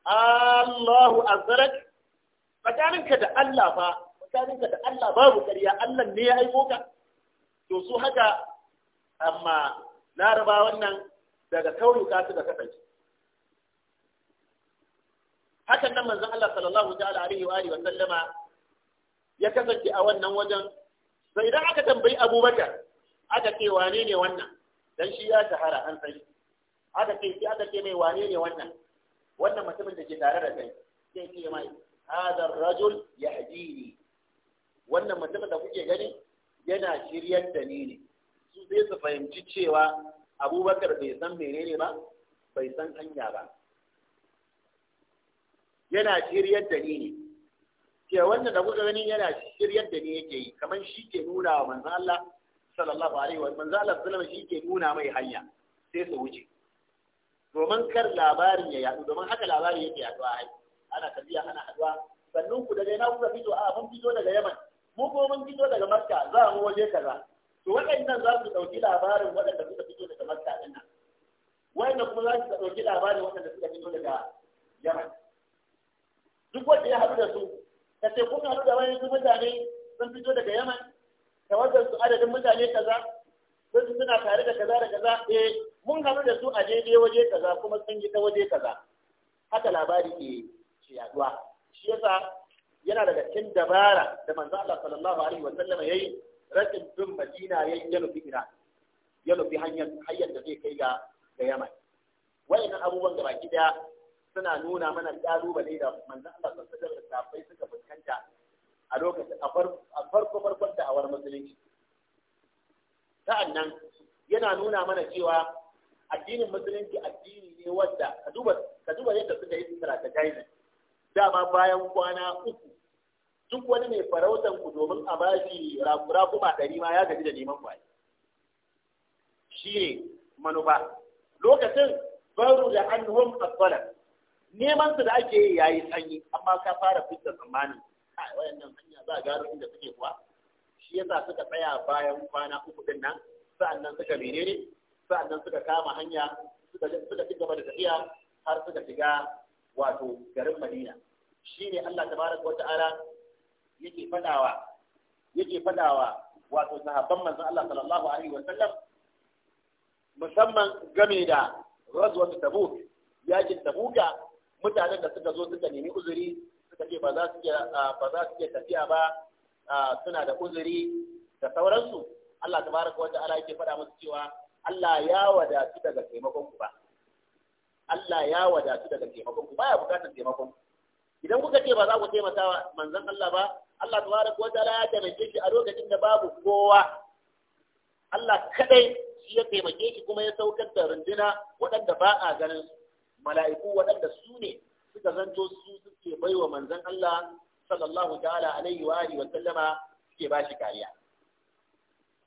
Allahu azzarak tsakaninka da Allah ba tsakaninka da Allah babu ƙarya Allah ne ya aiko ka to su haka amma laraba wannan daga kauyuka su da kasance hakan nan manzon Allah sallallahu ta'ala alaihi wa alihi wa sallama ya kasance a wannan wajen sai idan aka tambayi abubakar aka ce wane ne wannan dan shi ya shahara an sani aka ce shi aka ce mai wane ne wannan wannan mutumin da ke tare da kai sai ce mai hada rajul yahdini wannan mutumin da kuke gani yana shiryar da ni ne su sai su fahimci cewa abubakar bai san menene ba bai san hanya ba yana shiryar da ni ne ke wannan da kuka gani yana shirye da ne yake yi kamar shi ke nuna wa manzo Allah sallallahu alaihi wa manzo Allah sallallahu alaihi shi ke nuna mai hanya sai su wuce domin kar labarin ya yadu domin haka labarin yake a ai ana tafiya ana haduwa sannan ku daga yana kuka fito a mun fito daga Yaman mu ko mun fito daga Makka za mu waje kaza to waɗannan za su ɗauki labarin waɗanda suka fito daga Makka ɗin nan waɗanda kuma za su ɗauki labarin waɗanda suka fito daga Yaman duk wanda ya haɗu da su ka teku kun da wani mutane sun fito daga yaman da wajen su adadin mutane kaza sun suna tare da kaza da kaza eh mun haɗu da su a daidai waje kaza kuma sun yi ta waje kaza haka labari ke ke yaduwa shi yasa yana daga cikin dabara da manzo Allah sallallahu alaihi wa sallam yayi Rakin bin Madina yayi ya nufi ina ya nufi hanyar hanyar da zai kai ga ga Yaman wayannan abubuwan da baki suna nuna mana ƙalubale da manzan Allah sallallahu da wasallam suka fuskanta a lokacin a farko farkon da'awar musulunci sa'annan yana nuna mana cewa addinin musulunci addini ne wanda ka duba ka duba yadda suka yi strategizing dama bayan kwana uku duk wani mai farautan ku domin a bashi rakura kuma ɗari ma ya gaji da neman kwaye shi ne manufa lokacin baru da annuhum asfalar neman su da ake yi yayi sanyi amma ka fara fitar tsammanin a wayannan hanya za a gano inda suke kuwa shi yasa suka tsaya bayan kwana uku din nan nan suka menene nan suka kama hanya suka suka ci gaba da tafiya har suka shiga wato garin Madina shine Allah tabaraka wa ta'ala yake fadawa yake fadawa wato sahabban manzon Allah sallallahu alaihi wa sallam musamman game da ghazwat tabuk yakin tabuka mutanen da suka zo suka nemi uzuri suka ce ba za su iya tafiya ba suna da uzuri da sauransu Allah tabaraka wa ta'ala yake faɗa musu cewa Allah ya wadatu daga taimakon ku ba Allah ya wadatu daga taimakon ku baya bukatar taimakon ku idan kuka ce ba za ku taimaka wa manzon Allah ba Allah tabaraka wa ta'ala ya taimake shi a lokacin da babu kowa Allah kadai shi ya taimake shi kuma ya saukar da runduna waɗanda ba a ganin su mala'iku waɗanda su ne suka zanto su suke baiwa manzon Allah sallallahu ta'ala alaihi wa alihi suke ba shi kariya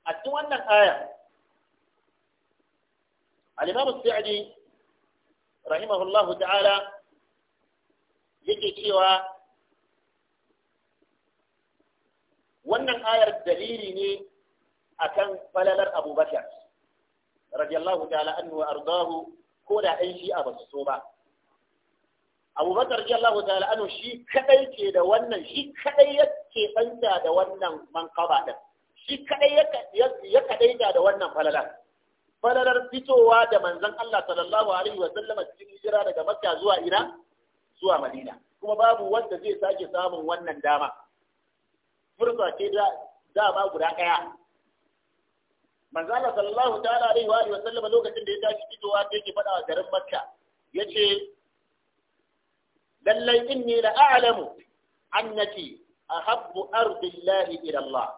a cikin wannan aya al-Imam rahimahullahu ta'ala yake cewa wannan ayar dalili ne akan falalar abubakar radiyallahu ta'ala wa ardahu ko da ɗan shi'a ba su so ba abubakar Allah ta'ala anu shi kaɗai ke da wannan shi ya yake ɗanta da wannan mankaba din shi kaɗai ya kaɗai da wannan falalar falalar fitowa da manzan Allah sallallahu alaihi wa sallam cikin hijira daga Makka zuwa ina zuwa Madina kuma babu wanda zai sake samun wannan dama Furfa ce da dama guda ɗaya. manzala sallallahu ta'ala alaihi wa alihi sallam lokacin da ya tashi fitowa da yake faɗa garin Makka yace lallai inni la a'lamu annaki ahabbu ardillahi ila Allah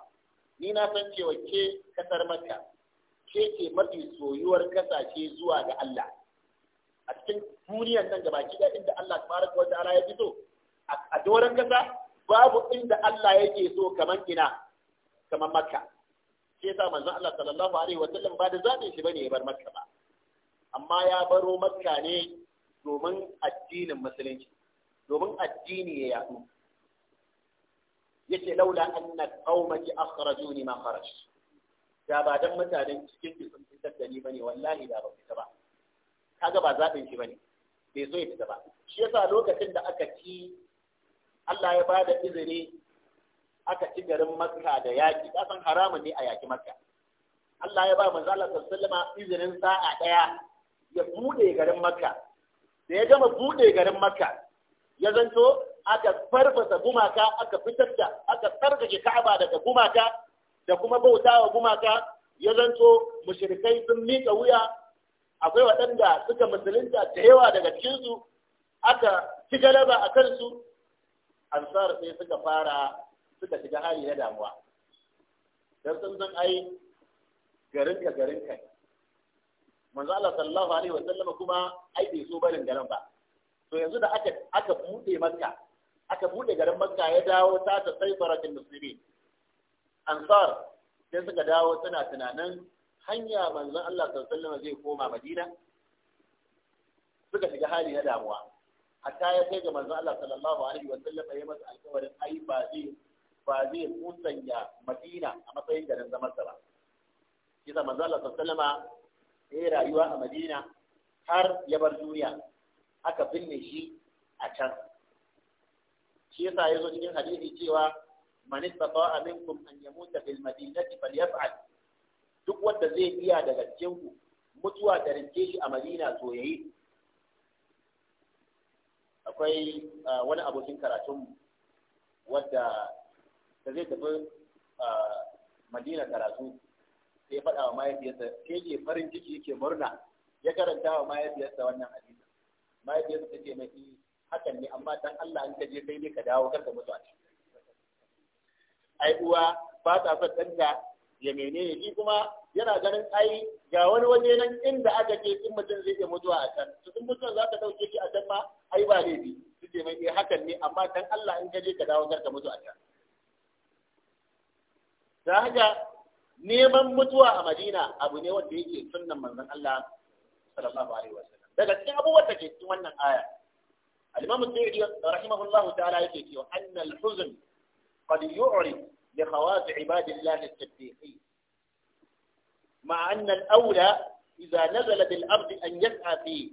ni na san cewa ke kasar Makka ke ke mafi soyuwar kasashe zuwa ga Allah a cikin duniyar nan gabaki da inda Allah tabaraka wa ta'ala ya fito a doran kasa babu inda Allah yake so kaman ina kaman Makka shi yasa manzon Allah sallallahu alaihi wa sallam ba da zabin shi bane ya bar Makka ba amma ya baro Makka ne domin addinin musulunci domin addini ya yaɗu yace laula anna qaumaki akhrajuni ma kharaj da ba dan mutanen cikin ki sun fitar da ni bane wallahi da ba fita ba kaga ba zabin shi bane bai so ya fita ba shi yasa lokacin da aka ci Allah ya bada izini aka ci garin makka da yaƙi san haramun ne a yaƙi makka Allah ya ba manzo Allah sallallahu izinin sa'a daya ya bude garin makka da ya gama bude garin makka ya zanto aka farfasa gumaka aka fitar da aka tsarkake ka'aba daga gumaka da kuma bautawa gumaka ya zanto mushrikai sun mika wuya akwai waɗanda suka musulunta da yawa daga cikinsu aka ci galaba a kansu ansar sai suka fara suka shiga hali na damuwa dan sun san ai garin ka garin ka manzo Allah sallallahu alaihi wa sallam kuma ai bai so barin garin ba to yanzu da aka aka bude Makka aka bude garin Makka ya dawo ta ta saifaratul muslimin ansar sai suka dawo suna tunanin hanya manzo Allah sallallahu alaihi sallam zai koma Madina suka shiga hali na damuwa hatta ya kai ga manzo Allah sallallahu alaihi sallam ya masa alƙawarin ai ba zai ba zai musanya madina a matsayin garin zamansa ba kisa manzo Allah sallama ya rayuwa a madina har ya bar duniya aka binne shi a can shi yasa yazo cikin hadisi cewa man istata'a minkum an yamuta fil madinati falyaf'al duk wanda zai iya daga cikin ku mutuwa da rinke shi a madina to yayi akwai ah, wani abokin karatunmu wadda da zai tafi madina karatu sai faɗa wa mahaifiyarsa ke ke farin ciki ke murna ya karanta wa mahaifiyarsa wannan hadisi mahaifiyarsa take ce mai eh, hakan ne amma dan Allah an ka je sai dai ka dawo karka mutu a ciki ai uwa ba ta son danta ya menene shi kuma yana ganin ai ga wani waje nan inda aka ce in mutum zai iya mutuwa a can to in mutum za ka ɗauke shi a can ma ai ba laifi su ce mai eh, hakan ne amma dan Allah in ka je ka dawo karka mutu a can da haka neman mutuwa a madina abu ne wanda yake sunnan manzon Allah sallallahu alaihi wasallam daga cikin abubuwan da ke cikin wannan aya al-imam al-tirmidhi rahimahullahu ta'ala yake cewa anna al-huzn qad yu'ri li khawas ibadillah al at-tabiqi مع أن الأولى إذا نزل بالأرض أن يسعى في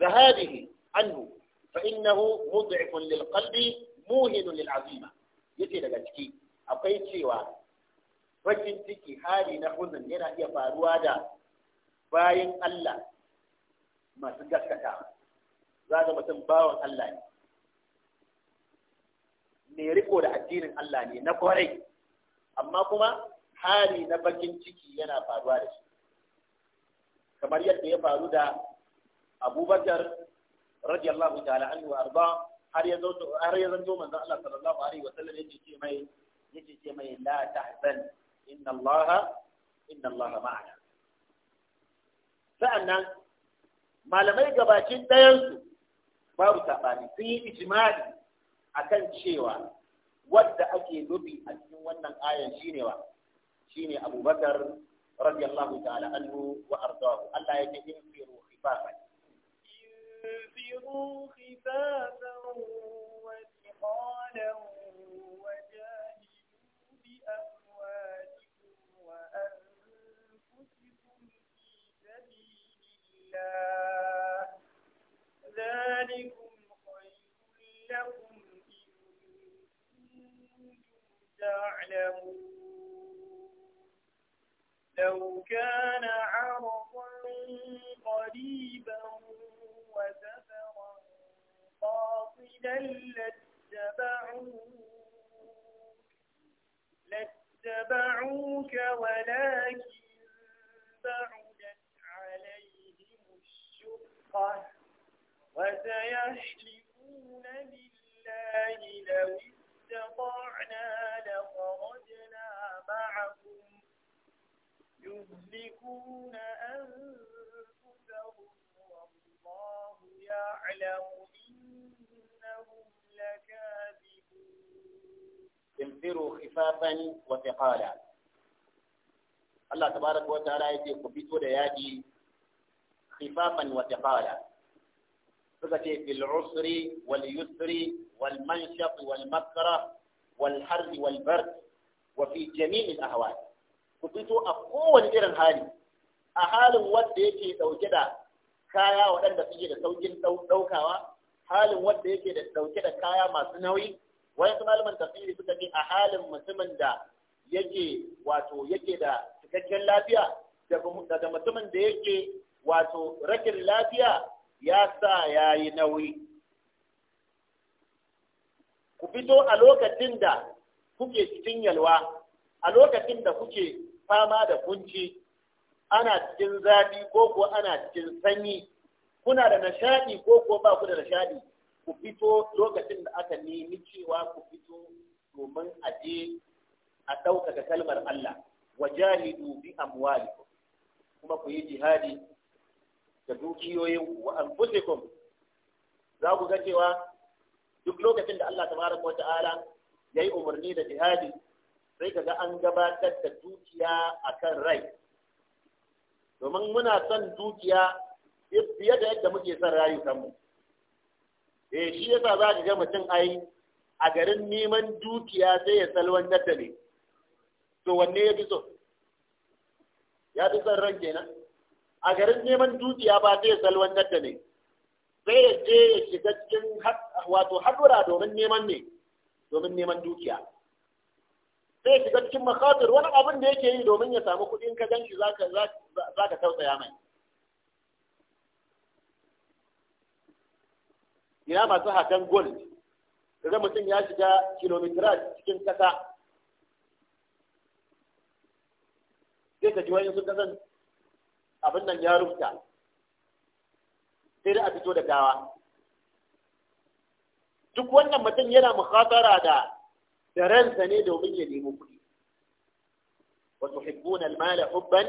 ذهابه عنه فإنه مضعف للقلب موهن للعزيمة يتي daga ciki akwai cewa bakin ciki hali na huzun yana iya faruwa da bayan Allah masu gaskata za ga mutum bawan Allah ne ne riko da addinin Allah ne na kwarai amma kuma hali na bakin ciki yana faruwa da shi kamar yadda ya faru da abubakar radiyallahu ta'ala anhu wa arda har ya zanto har ya zanto manzon Allah sallallahu alaihi wa sallam yake ce mai yake ce mai la tahzan إن الله إن الله معنا فأنا ما لم يجب أن ينزل باب تقاني في إجمالي أكن شيوا ود أكي نبي أن ونن آية شينيوا شيني أبو بكر رضي الله تعالى عنه وأرضاه ألا يجدين في ينفروا فافا انفروا خفافا وثقالا ذلكم خير لكم إن تعلمون لو كان عرضا قريبا وسفرا قاصدا لاتبعوك لاتبعوك ولكن بعوا حقه وسيحلفون بالله لو استطعنا لخرجنا معكم يهلكون أنفسهم والله يعلم إنهم لكاذبون انفروا خفافا وثقالا الله تبارك وتعالى يقول yace ku fito khifafan wa tafawala suka ce bil usri wal yusri wal manshaq wal makra wal harr wal bard ku fito a kowane irin hali a halin wanda yake dauke da kaya waɗanda suke da saukin ɗaukawa halin wanda yake da dauke da kaya masu nauyi wani su malaman tafsiri suka ce a halin mutumin da yake wato yake da cikakken lafiya daga mutumin da yake wato rashin lafiya ya sa ya yi nauyi ku fito a lokacin da kuke cikin yalwa a lokacin da kuke fama da kunci ana cikin zafi ko ko ana cikin sanyi kuna da nishaɗi ko ko ba ku da nishaɗi ku fito lokacin da aka nemi cewa ku fito domin a je a ɗaukaka kalmar Allah wa jahidu bi kuma ku yi jihadi da dukiyoyin wa anfusikum za ku ga cewa duk lokacin da Allah tabaraka wata'ala yayi umarni da jihadi sai kaga an gabatar da dukiya akan rai domin muna son dukiya fiye da yadda muke son rayukanmu eh shi yasa za ka ga mutum ai a garin neman dukiya sai ya salwan da ne to wanne ya fi so ya fi son ran kenan a garin neman dukiya ba zai salwantar da ne zai ya je ya shiga cikin wato hadura domin neman ne domin neman dukiya Sai shiga cikin makadir wani abin da yake yi domin ya samu kuɗin ka ganshi za ka tausaya mai ina masu hakan gold kaza mutum ya shiga kilomitira cikin ƙasa sai ka ji wani sun kasan abin nan ya rubuta sai da a fito da gawa duk wannan mutum yana mukhatara da da ransa ne domin ya nemi kuɗi wa tuhibbuna al mal hubban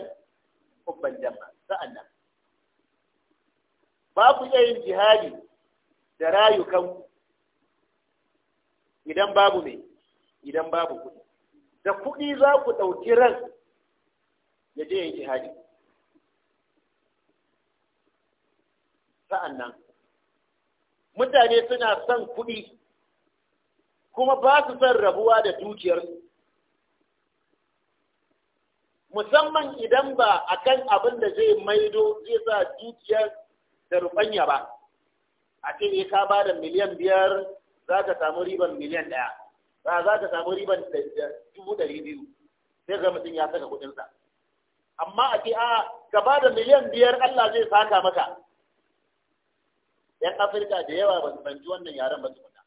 hubban jamma sa'annan ba ku iya yin jihadi da rayukan idan babu ne idan babu kuɗi da kuɗi za ku ɗauki ran ya je yin jihadi nan mutane suna son kuɗi kuma ba su son rabuwa da dukiyarsu musamman idan ba a kan abin da zai maido zai sa dukiyar da rubanya ba a ce ne eh, ka ba da miliyan biyar za ka samu riban miliyan ɗaya ba za ka samu riban dubu ɗari biyu sai ga mutum ya saka kuɗinsa amma a ce a ka ba da miliyan biyar Allah zai saka maka yan afirka da yawa ba su fahimci wannan yaren ba su fita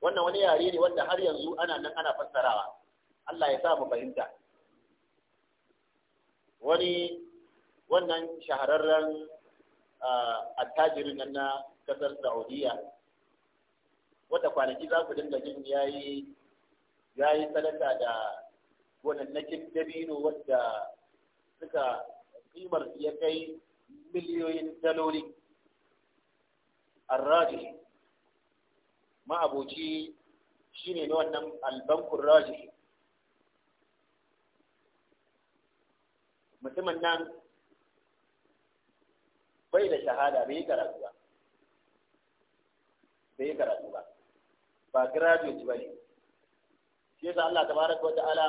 wannan wani yare ne wanda har yanzu ana nan ana fassarawa Allah ya sa mu fahimta wani wannan shahararren ah, attajirin nan na kasar Saudiya wata kwanaki za ku dinga jin ya yi sadaka da gonannakin dabino wadda suka kimar ya kai miliyoyin daloli arraji ma'aboci shine na wannan albankun raji mutumin nan bai da shahada bai karatu ba bai karatu ba ba graduate ba ne shi yasa Allah tabaraka wa ta'ala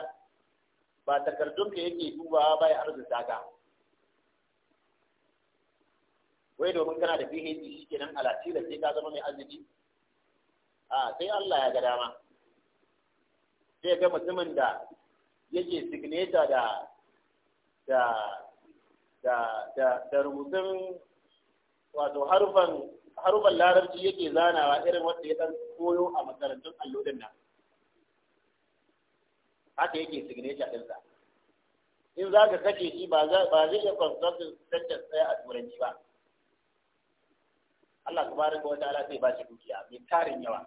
ba takardun ka yake dubawa ba ya arzuta ka wai domin kana da PhD shikenan alati da sai ka zama mai arziki a sai Allah ya ga dama sai ga mutumin da yake signeta da da da da da rubutun wato harufan harufan larabci yake zanawa irin wanda ya dan koyo a makarantun allodin nan haka yake signature ɗinsa in za ka sake shi ba zai iya constructing sentence ɗaya a turanci ba Allah tabaraka wa ta'ala zai ba shi dukiya mai tarin yawa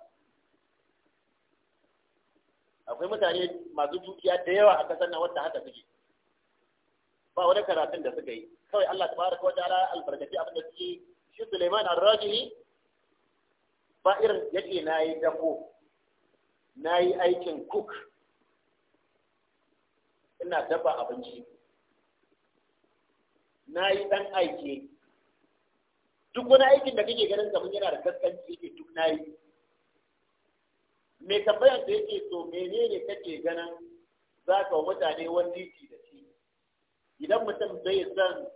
akwai mutane masu dukiya da yawa a kasar nan wanda haka suke ba wani karatun da suka yi kawai Allah tabaraka wa ta'ala albarkaci abin da suke shi Sulaiman ar-Rajili ba irin yake nayi dako nayi aikin cook ina dafa abinci nayi dan aiki. duk wani aikin da kake ganin kamar yana da kaskanci ke duk nayi mai tambayar da yake so menene kake ganin za ka mutane wani liti da shi idan mutum bai san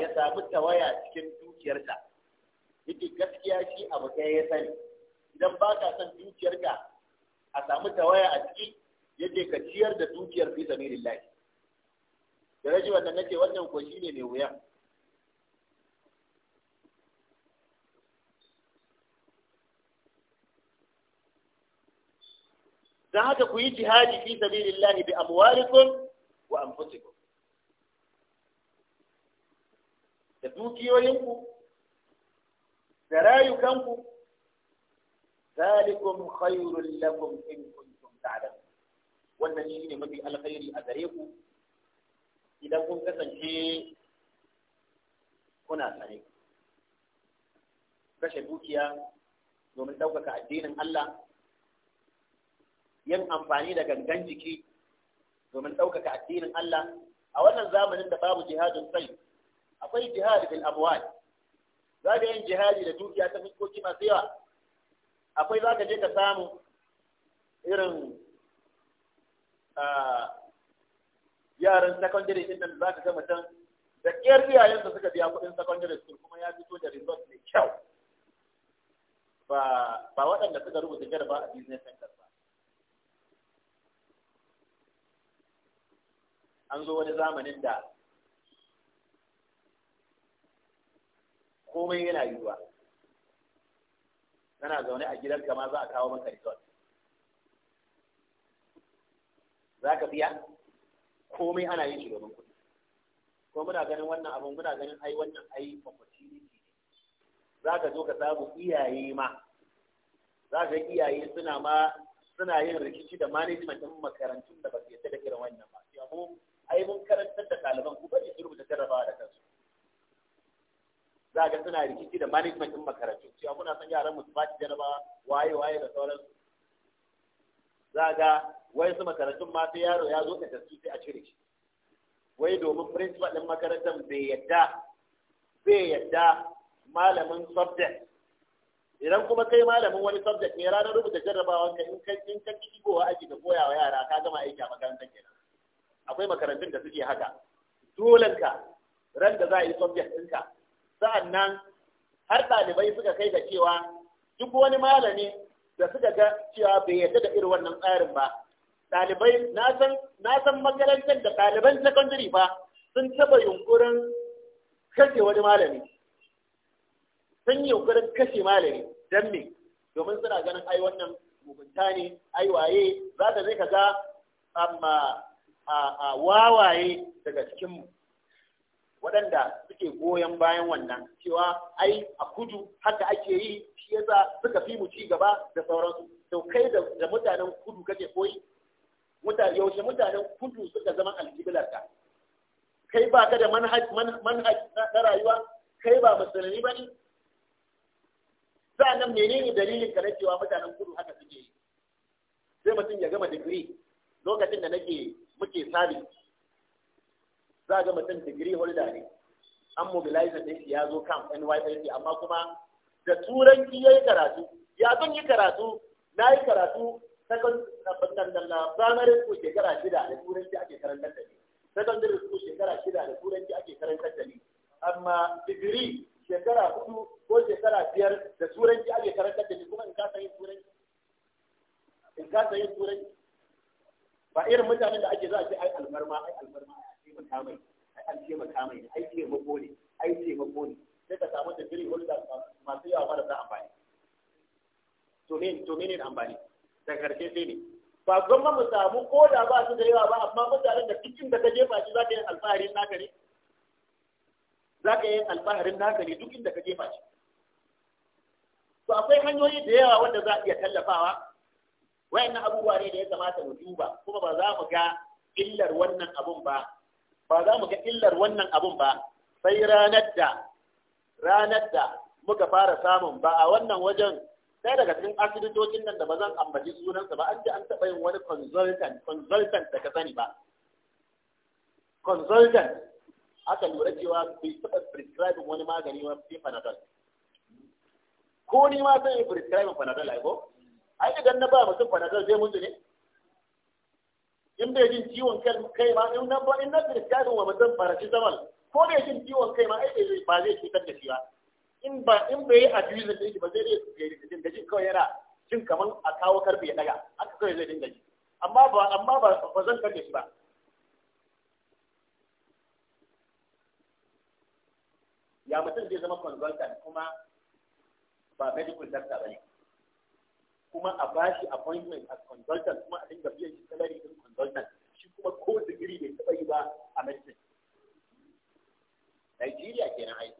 ya samu tawaya cikin dukiyarka yake gaskiya shi abu ɗaya ya sani idan ba ka san dukiyarka a samu tawaya a ciki yake ka ciyar da dukiyar fi sabilillahi da raji wannan nake wannan ko shine mai wuyan dan haka ku yi jihadi fi sabilillahi bi amwalikum wa anfusikum da dukiyoyinku da rayukanku zalikum khairul lakum in kuntum ta'lamun wannan shine mafi alkhairi a gare ku idan kun kasance kuna sare kashe dukiya domin ɗaukaka addinin Allah yin amfani da gangan jiki domin ɗaukaka addinin Allah a wannan zamanin da babu jihadin sai akwai jihad bil amwal za ka yin jihadi da dukiya ta fuskoki masu yawa akwai za ka je ka samu irin yaran secondary din nan za ka ga mutum da iyayen iyayensa suka biya kuɗin secondary school kuma ya fito da result mai kyau ba waɗanda suka rubuta jarba a business center ba an zo wani zamanin da komai yana yiwuwa kana zaune a gidan ma za a kawo maka resort za ka biya komai ana yin shi domin kuɗi ko muna ganin wannan abin muna ganin ai wannan ai opportunity za ka zo ka samu iyaye ma za ka iyaye suna ma suna yin rikici da management din makarantun da ba su yadda da irin wannan ba sai ai mun karantar da ɗaliban ku bari su rubuta jarrabawa da kansu za ga suna rikici da management din makarantu cewa muna son yaran mu su ba jarrabawa waye waye da sauransu za ga wai su makarantun ma sai yaro ya zo da tasu sai a cire shi wai domin principal din makarantar bai yadda bai yadda malamin subject idan kuma kai malamin wani subject ne ranar rubuta jarrabawanka in ka in ka kigowa aji ka koya wa yara ka gama aiki a makarantar kenan akwai makarantun da suke haka dolenka ran da za a yi subject ɗinka nan har ɗalibai suka kai ga cewa duk wani malami da suka ga cewa bai yarda da irin wannan tsarin ba ɗalibai na san makarantar da ɗaliban secondary ba sun taba yunkurin kashe wani malami sun yi yunkurin kashe malami don me domin suna ganin ai wannan mugunta ne ai waye za ka je ka ga amma a wawaye daga cikinmu waɗanda suke goyon bayan wannan cewa ai a kudu haka ake yi shi yasa suka fi mu ci gaba da sauransu to kai da mutanen kudu kake koyi yaushe mutanen kudu suka zama ka? kai ba ka da manhaj na rayuwa kai ba musulmi ba ne sa'annan menene dalilin ka na cewa mutanen kudu haka suke yi sai mutum ya gama digiri lokacin da nake muke sabi za ga mutum digiri holder ne an mobilizer ne ya zo kan NYSC amma kuma da turanci ya yi karatu ya zan yi karatu na yi karatu na primary school shekara shida da turanci ake karantar da ni secondary school shekara shida da turanci ake karantar da ni amma digiri shekara hudu ko shekara biyar da turanci ake karantar da ni kuma in kasa yin turanci in kasa yin turanci ba irin mutanen da ake za a ce ai almarma ai almarma ai taimaka mai ai an taimaka mai ai taimako ne ai taimako ne sai ka samu da giri wanda masu yawa marasa amfani to ne to menene amfani da karshe sai ne ba gwamma mu samu ko da ba su da yawa ba amma mutanen da cikin da ka jefa shi za ka yi alfaharin naka ne za ka yi alfaharin naka ne duk inda ka jefa shi to akwai hanyoyi da yawa wanda za a iya tallafawa wayannan abubuwa ne da ya kamata mu duba kuma ba za mu ga illar wannan abun ba ba za mu ga illar wannan abun ba sai ranar da ranar da muka fara samun ba a wannan wajen sai daga cikin asibitocin nan da ba zan ambaci sunansa ba an ji an taɓa yin wani consultant consultant da ka sani ba consultant aka lura cewa bai taɓa prescribing wani magani ba sai panadol ko ni ma sai prescribing panadol ai ko ai idan na ba mutum fadakar zai mutu ne in bai jin ciwon kai ma in na ba in na kirkiyarin wa mutum paracetamol ko bai jin ciwon kai ma ai ba zai cutar da shi ba in ba in bai yi abuse da shi ba zai da jin kawai yana jin kamar a kawo karfe ya daga haka kawai zai dinga ji amma ba amma ba ba zan karfe shi ba ya mutum zai zama consultant kuma ba medical doctor ba ne kuma a bashi appointment as consultant kuma a dinga biyan shi salary din consultant shi kuma ko degree bai taɓa yi ba a medicine Nigeria kenan ai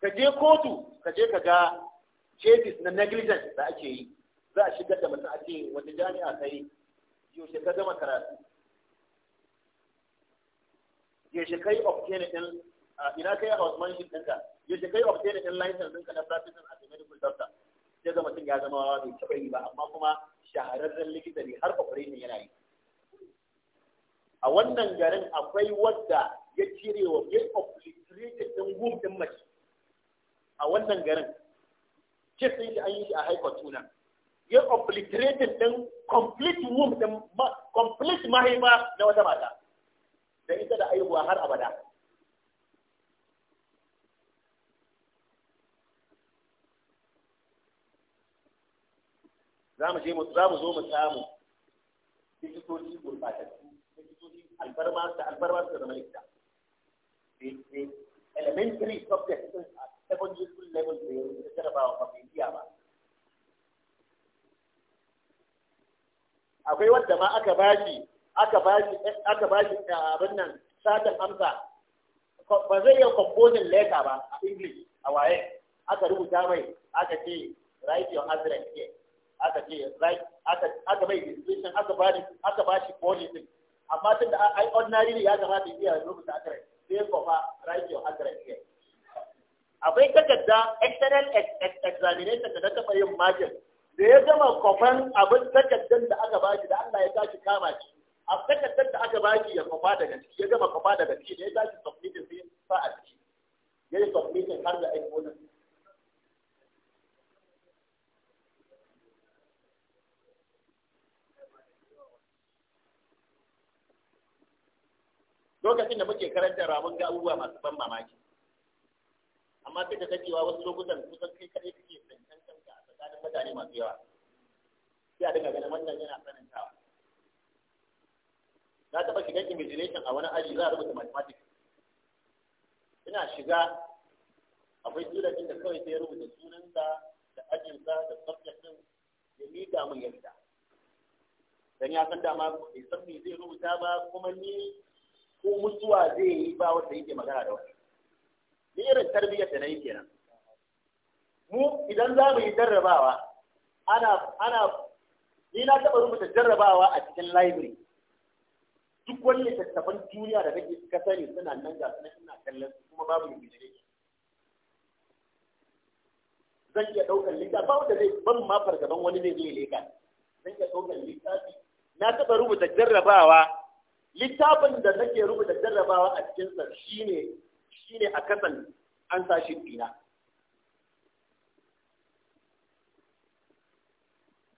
ka je kotu ka je ka ga cases na negligence da ake yi za a shigar da mutum a ce wata jami'a kai yaushe ka gama karatu yaushe kai obtain ɗin? ina kai a Usman shi ɗinka ce kai obtain da ɗin license ɗinka na practice as a medical doctor sai ga mutum ya zama bai taɓa yi ba amma kuma shahararren likita ne har operation yana yi a wannan garin akwai wadda ya cire wa ya obliterated ɗin gum ɗin mace a wannan garin ce sai shi an yi shi a high court tuna ya obliterated ɗin complete womb ɗin complete mahaifa na wata mata da ita da aihuwa har abada za mu je za mu zo mu samu likitoci gurbatattu likitoci albarma da albarma da zama likita eh, eh, elementary subject din a secondary school level da ya rubuta jarabawa ba bai biya ba akwai wadda ma aka bashi aka bashi aka eh, abin nan amsa ba zai iya composing letter ba a English a waye aka rubuta mai aka ce write your address here aka ce right aka bai decision aka ba aka ba policy amma tun ai ordinary ne ya kamata iya rubuta address sai ko fa your address here akwai takarda external examination da ta yin margin da ya gama kwafan abin takardar da aka ba da Allah ya tashi kama shi a takardar da aka ba shi ya kwafa daga ciki ya gama kwafa daga ciki da ya tashi submitting sai sa a ciki ya yi submitting har da ai lokacin da muke karanta ramun ga abubuwa masu ban mamaki amma sai da kacewa wasu lokutan kusan kai kaɗai kake tsancan kanka a tsakanin mutane masu yawa sai a daga ganin wannan yana tsanantawa na taɓa shiga imagination a wani aji za a rubuta mathematics ina shiga akwai student da kawai sai ya rubuta sunansa da ajinsa da subject din ya miƙa mun yarda dan ya san dama bai san me zai rubuta ba kuma ni ko mutuwa zai yi ba wanda yake magana da wani ni irin tarbiyyar da na yi kenan mu idan za mu yi jarrabawa ana ana ni na taɓa rubuta jarrabawa a cikin library duk wani littattafan duniya da kake ka sani suna nan ga suna ina kallon su kuma babu mai da zan iya ɗaukar littafi ba wanda zai ban ma fargaban wani zai zai leka zan iya ɗaukar littafi na taɓa rubuta jarrabawa littafin da nake rubuta jarrabawa a cikinsa shine shine a kasan an sashi dina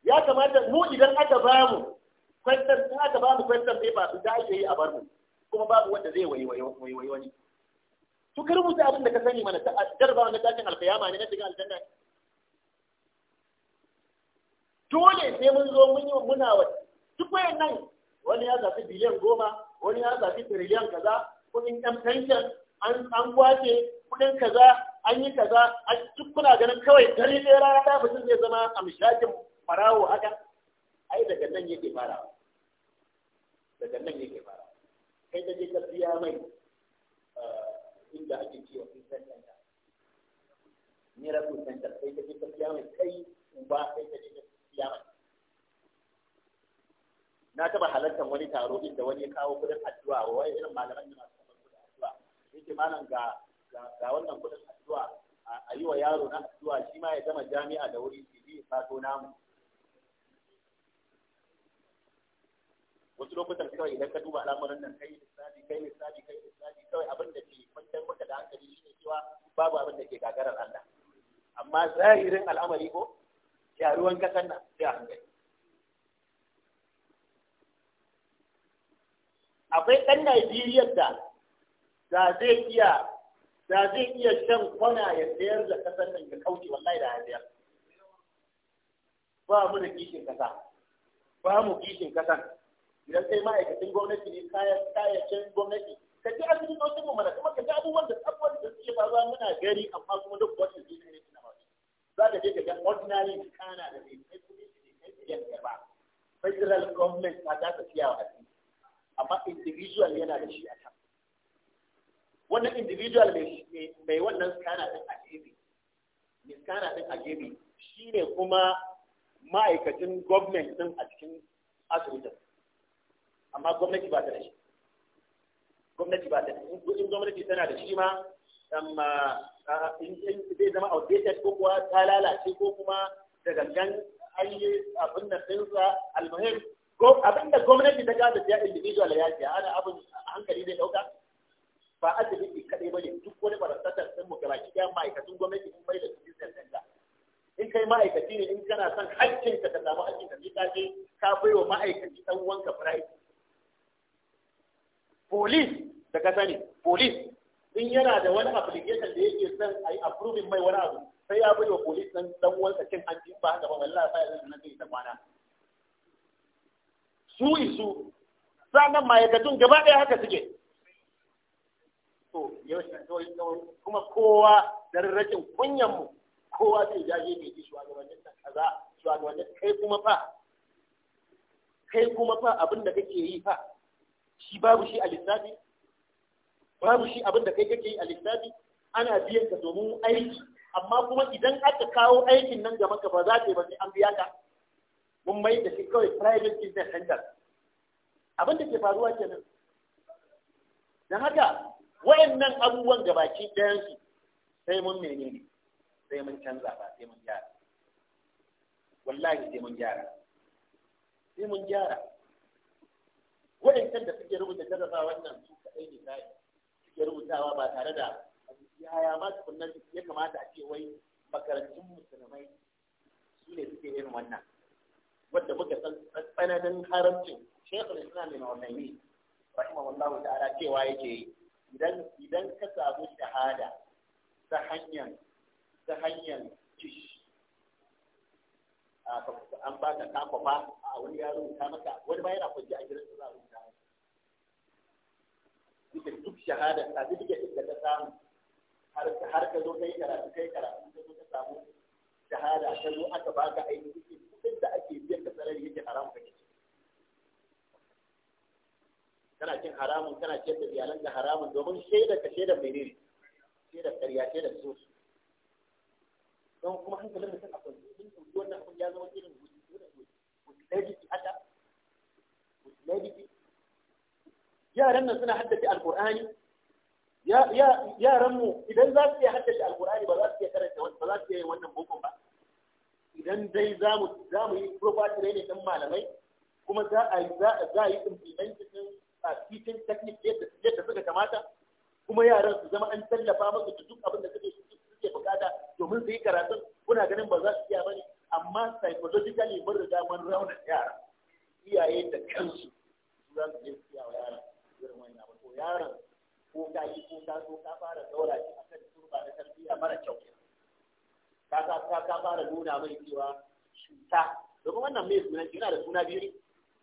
ya kamata mu idan aka bamu kwantar in aka bamu kwantar paper su da ake yi a bar mu kuma babu wanda zai waiwayi wani to ka rubuta abin da ka sani mana ta jarrabawa na tashin alkiyama ne na shiga aljanna dole sai mun zo mun yi muna wa duk wayannan wani ya zafi biliyan goma wani ya zafi tiriliyan kaza Kudin ɗan fenshon an kwace kudin kaza an yi kaza a duk kuna ganin kawai dare ɗaya rana ta mutum zai zama a mishakin farawo haka ai daga nan yake farawa daga nan yake farawa kai da je ka biya mai eh, inda ake cewa kun san canta naira kun sun canta kai da je ka biya mai kai ba kai da je ka biya mai na taba halartar wani taro inda wani ya kawo kudin addu'a wa wai irin malaman da masu kafa kudin addu'a yake malam ga ga wannan kudin addu'a a yi wa yaro na addu'a shi ma ya gama jami'a da wuri shi bi fato namu wasu lokutan kawai idan ka duba al'amuran nan kai lissafi kai lissafi kai lissafi kawai abin da ke kwantar maka da hankali ne cewa babu abin da ke gagarar Allah amma zahirin al'amari ko yaruwan kasan nan sai a hankali akwai ɗan Najeriya da da zai iya da zai iya shan kwana ya sayar da kasar nan ya kauce wallahi da hajiya ba mu da kishin kasa ba mu kishin kasa idan sai ma'aikacin gwamnati ne kaya kayayyakin gwamnati ka ji asibitocin mu mana kuma ka ji abubuwan da abubuwan da suke za muna gari amma kuma duk wanda zai ne na ba za ka je ka ga ordinary kana da ne kai kuɗi ne kai kuɗi ne ba federal government ta ta tafiya wa amma individual yana da shi a can wannan individual mai wannan scanner din a gebe mai scanner din a shi shine kuma ma'aikacin government din a cikin asibitin amma gwamnati ba ta da shi gwamnati ba ta da shi in gwamnati tana da shi ma um, uh, uh, in zai zama outdated ko kuwa ta lalace ko kuma da gangan an yi abin da tsinsa almuhim abinda gwamnati ta gada ya individual ya ce ana abin hankali zai dauka ba asibiti kaɗai ba ne duk wani barasatar sun mu gabaki ɗaya ma'aikatun gwamnati mun bai da su business ɗin in kai ma'aikaci ne in kana son haƙƙin ka samu haƙƙin ka sai ka je ka bai wa ma'aikaci ɗan wanka price police da ka sani police in yana da wani application da yake son a yi approving mai wani abu sai ya bai wa police ɗan wanka cin hanci ba haka ba wallahi ba ya zai nan zai ta kwana su isu sannan ma'aikatun gaba ɗaya haka suke to kuma kowa da rarrakin kunyan mu kowa zai jaje ne ji shugabannin ta kaza shugabannin kai kuma fa kai kuma fa abin da kake yi fa shi babu shi a lissafi babu shi abin da kai kake yi a lissafi ana biyan ka domin aiki amma kuma idan aka kawo aikin nan ga maka ba za ka yi ba sai an biya ka mun mai da shi kawai private business center abin da ke faruwa kenan Da haka wayannan abubuwan gabaki ɗayansu sai mun menene sai mun canza ba sai mun gyara wallahi sai mun gyara sai mun gyara wayancan da suke rubuta jarraba wannan su kaɗai ne kai suke rubutawa ba tare da yaya ma su ya kamata a ce wai makarantun musulmai su ne suke yin wannan wadda muka san tsananin haramcin shekul islam ibn usaimi wallahu ta'ala cewa yake yi idan idan ka samu shahada ta hanyar ta hanyar kish an ba ka kafa ba a wani ya rubuta maka wani ba yana kwanci a gidan za a rubuta duk shahada ta duk da ka samu har ka zo kai karatu kai karatu ka zo ka samu shahada ta zo aka baka aiki kuɗin da ake biyan da sarari yake haramun ka ci kana cin haramun kana ciyar da iyalan da haramun domin shaidar ka shaidar menene shaidar ƙarya shaidar so don kuma hankalin da a kwanci in ɗauki wannan abin ya zama irin wutsilabiki haka wutsilabiki yaran nan suna haddace alƙur'ani yaran mu idan za su iya haddace alƙur'ani ba za su iya karanta ba za su iya yin wannan bokon ba idan dai za mu yi proper training ɗin malamai kuma za a yi za a yi implementation a teaching technique yadda suka kamata kuma yaran su zama an tallafa masu da duk abin da suke suke bukata domin su yi karatun kuna ganin ba za su iya bane amma psychologically mun riga mun rauna yara iyaye da kansu su za su je su iya wa yaran irin wannan abu ko yaran ko ka yi ko ka ka fara daura shi akan turba da tarbiyya mara kyau ka ka ka fara nuna mai cewa cuta domin wannan mai suna yana da suna biyu ne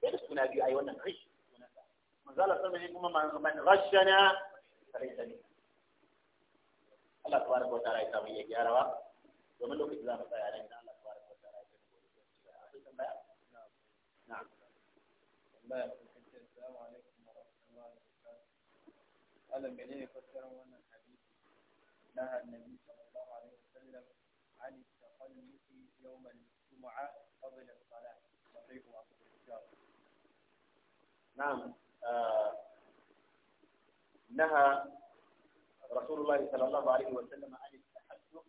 sai da suna biyu ai wannan kai manzala sallallahu alaihi kuma man rashana falaita ne Allah tabaraka wa ta'ala ya samu ya gyara wa domin lokacin za mu tsaya nan Allah tabaraka wa ta'ala ya samu ya gyara na'am na'am assalamu alaikum wa rahmatullahi wa barakatuh Allah menene fassarar wannan hadisi na annabi يوم الجمعة قبل الصلاة وعليكم نعم آه نهى رسول الله صلى الله عليه وسلم عن التحدث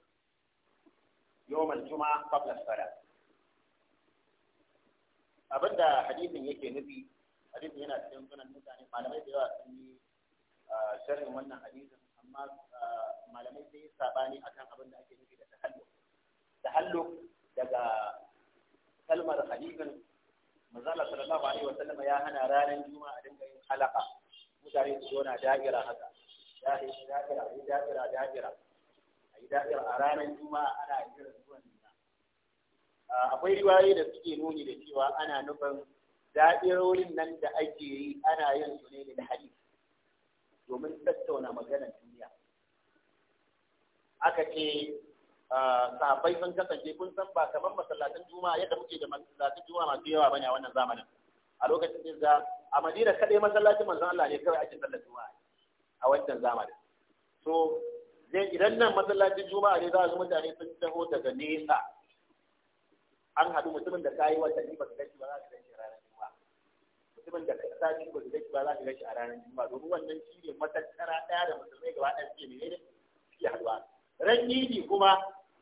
يوم الجمعة قبل الصلاة abinda hadisin yake nufi hadisin yana cikin sunan mutane malamai da yawa sun yi sharhin wannan hadisin amma malamai sai sabani akan abin da ake nufi da tahalluk tahalluk daga kalmar hadisin manzala sallallahu alaihi wa sallam ya hana ranar juma'a dinga yin halaka mutane su zo na da'ira haka da'ira da'ira da'ira ayi da'ira a ranar juma'a ana jira zuwan nuna akwai riwaye da suke nuni da cewa ana nufin da'irorin nan da ake yi ana yin su ne da hadisi domin tattauna maganar duniya aka ce Ah, sahabbai sun kasance kun san ba kamar masallacin juma'a yadda muke da masallacin juma'a masu yawa bane a wannan zamanin a lokacin da a Madina kadai masallacin manzo Allah ne kawai ake sallar juma'a a wannan zamanin so dai idan nan masallacin juma'a ne za su mutane sun taho daga nesa an haɗu mutumin da kayi wata ba ka gaci ba za ka gaci a ranar juma'a mutumin da kai sati ba ka gaci ba za ka gaci a ranar juma'a domin wannan shi ne matattara ɗaya da musulmai gaba ɗaya suke ne ne suke haɗuwa ranni ne kuma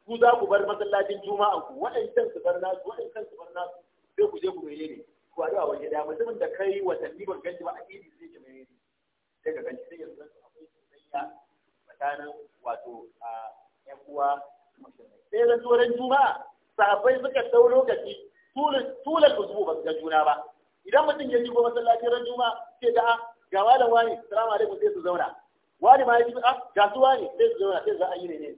ku za ku bar masallacin juma'a ku waɗancan su bar nasu waɗancan su bar nasu sai ku je ku mene ne ku haɗu a waje daya mutumin da kai watanni ban ganci ba a idi sai ki mene ne sai ka ganci sai yanzu akwai tsayya tsakanin wato a ƴan uwa sai ran ran juma'a sahabbai suka dau lokaci tulan usbu ba su ga juna ba idan mutum ya ko masallacin ran juma'a sai da ah, gawa da wani salamu alaikum sai su zauna wani ma ya ji a ah, kasuwa ne sai su zauna sai za a yi ne ne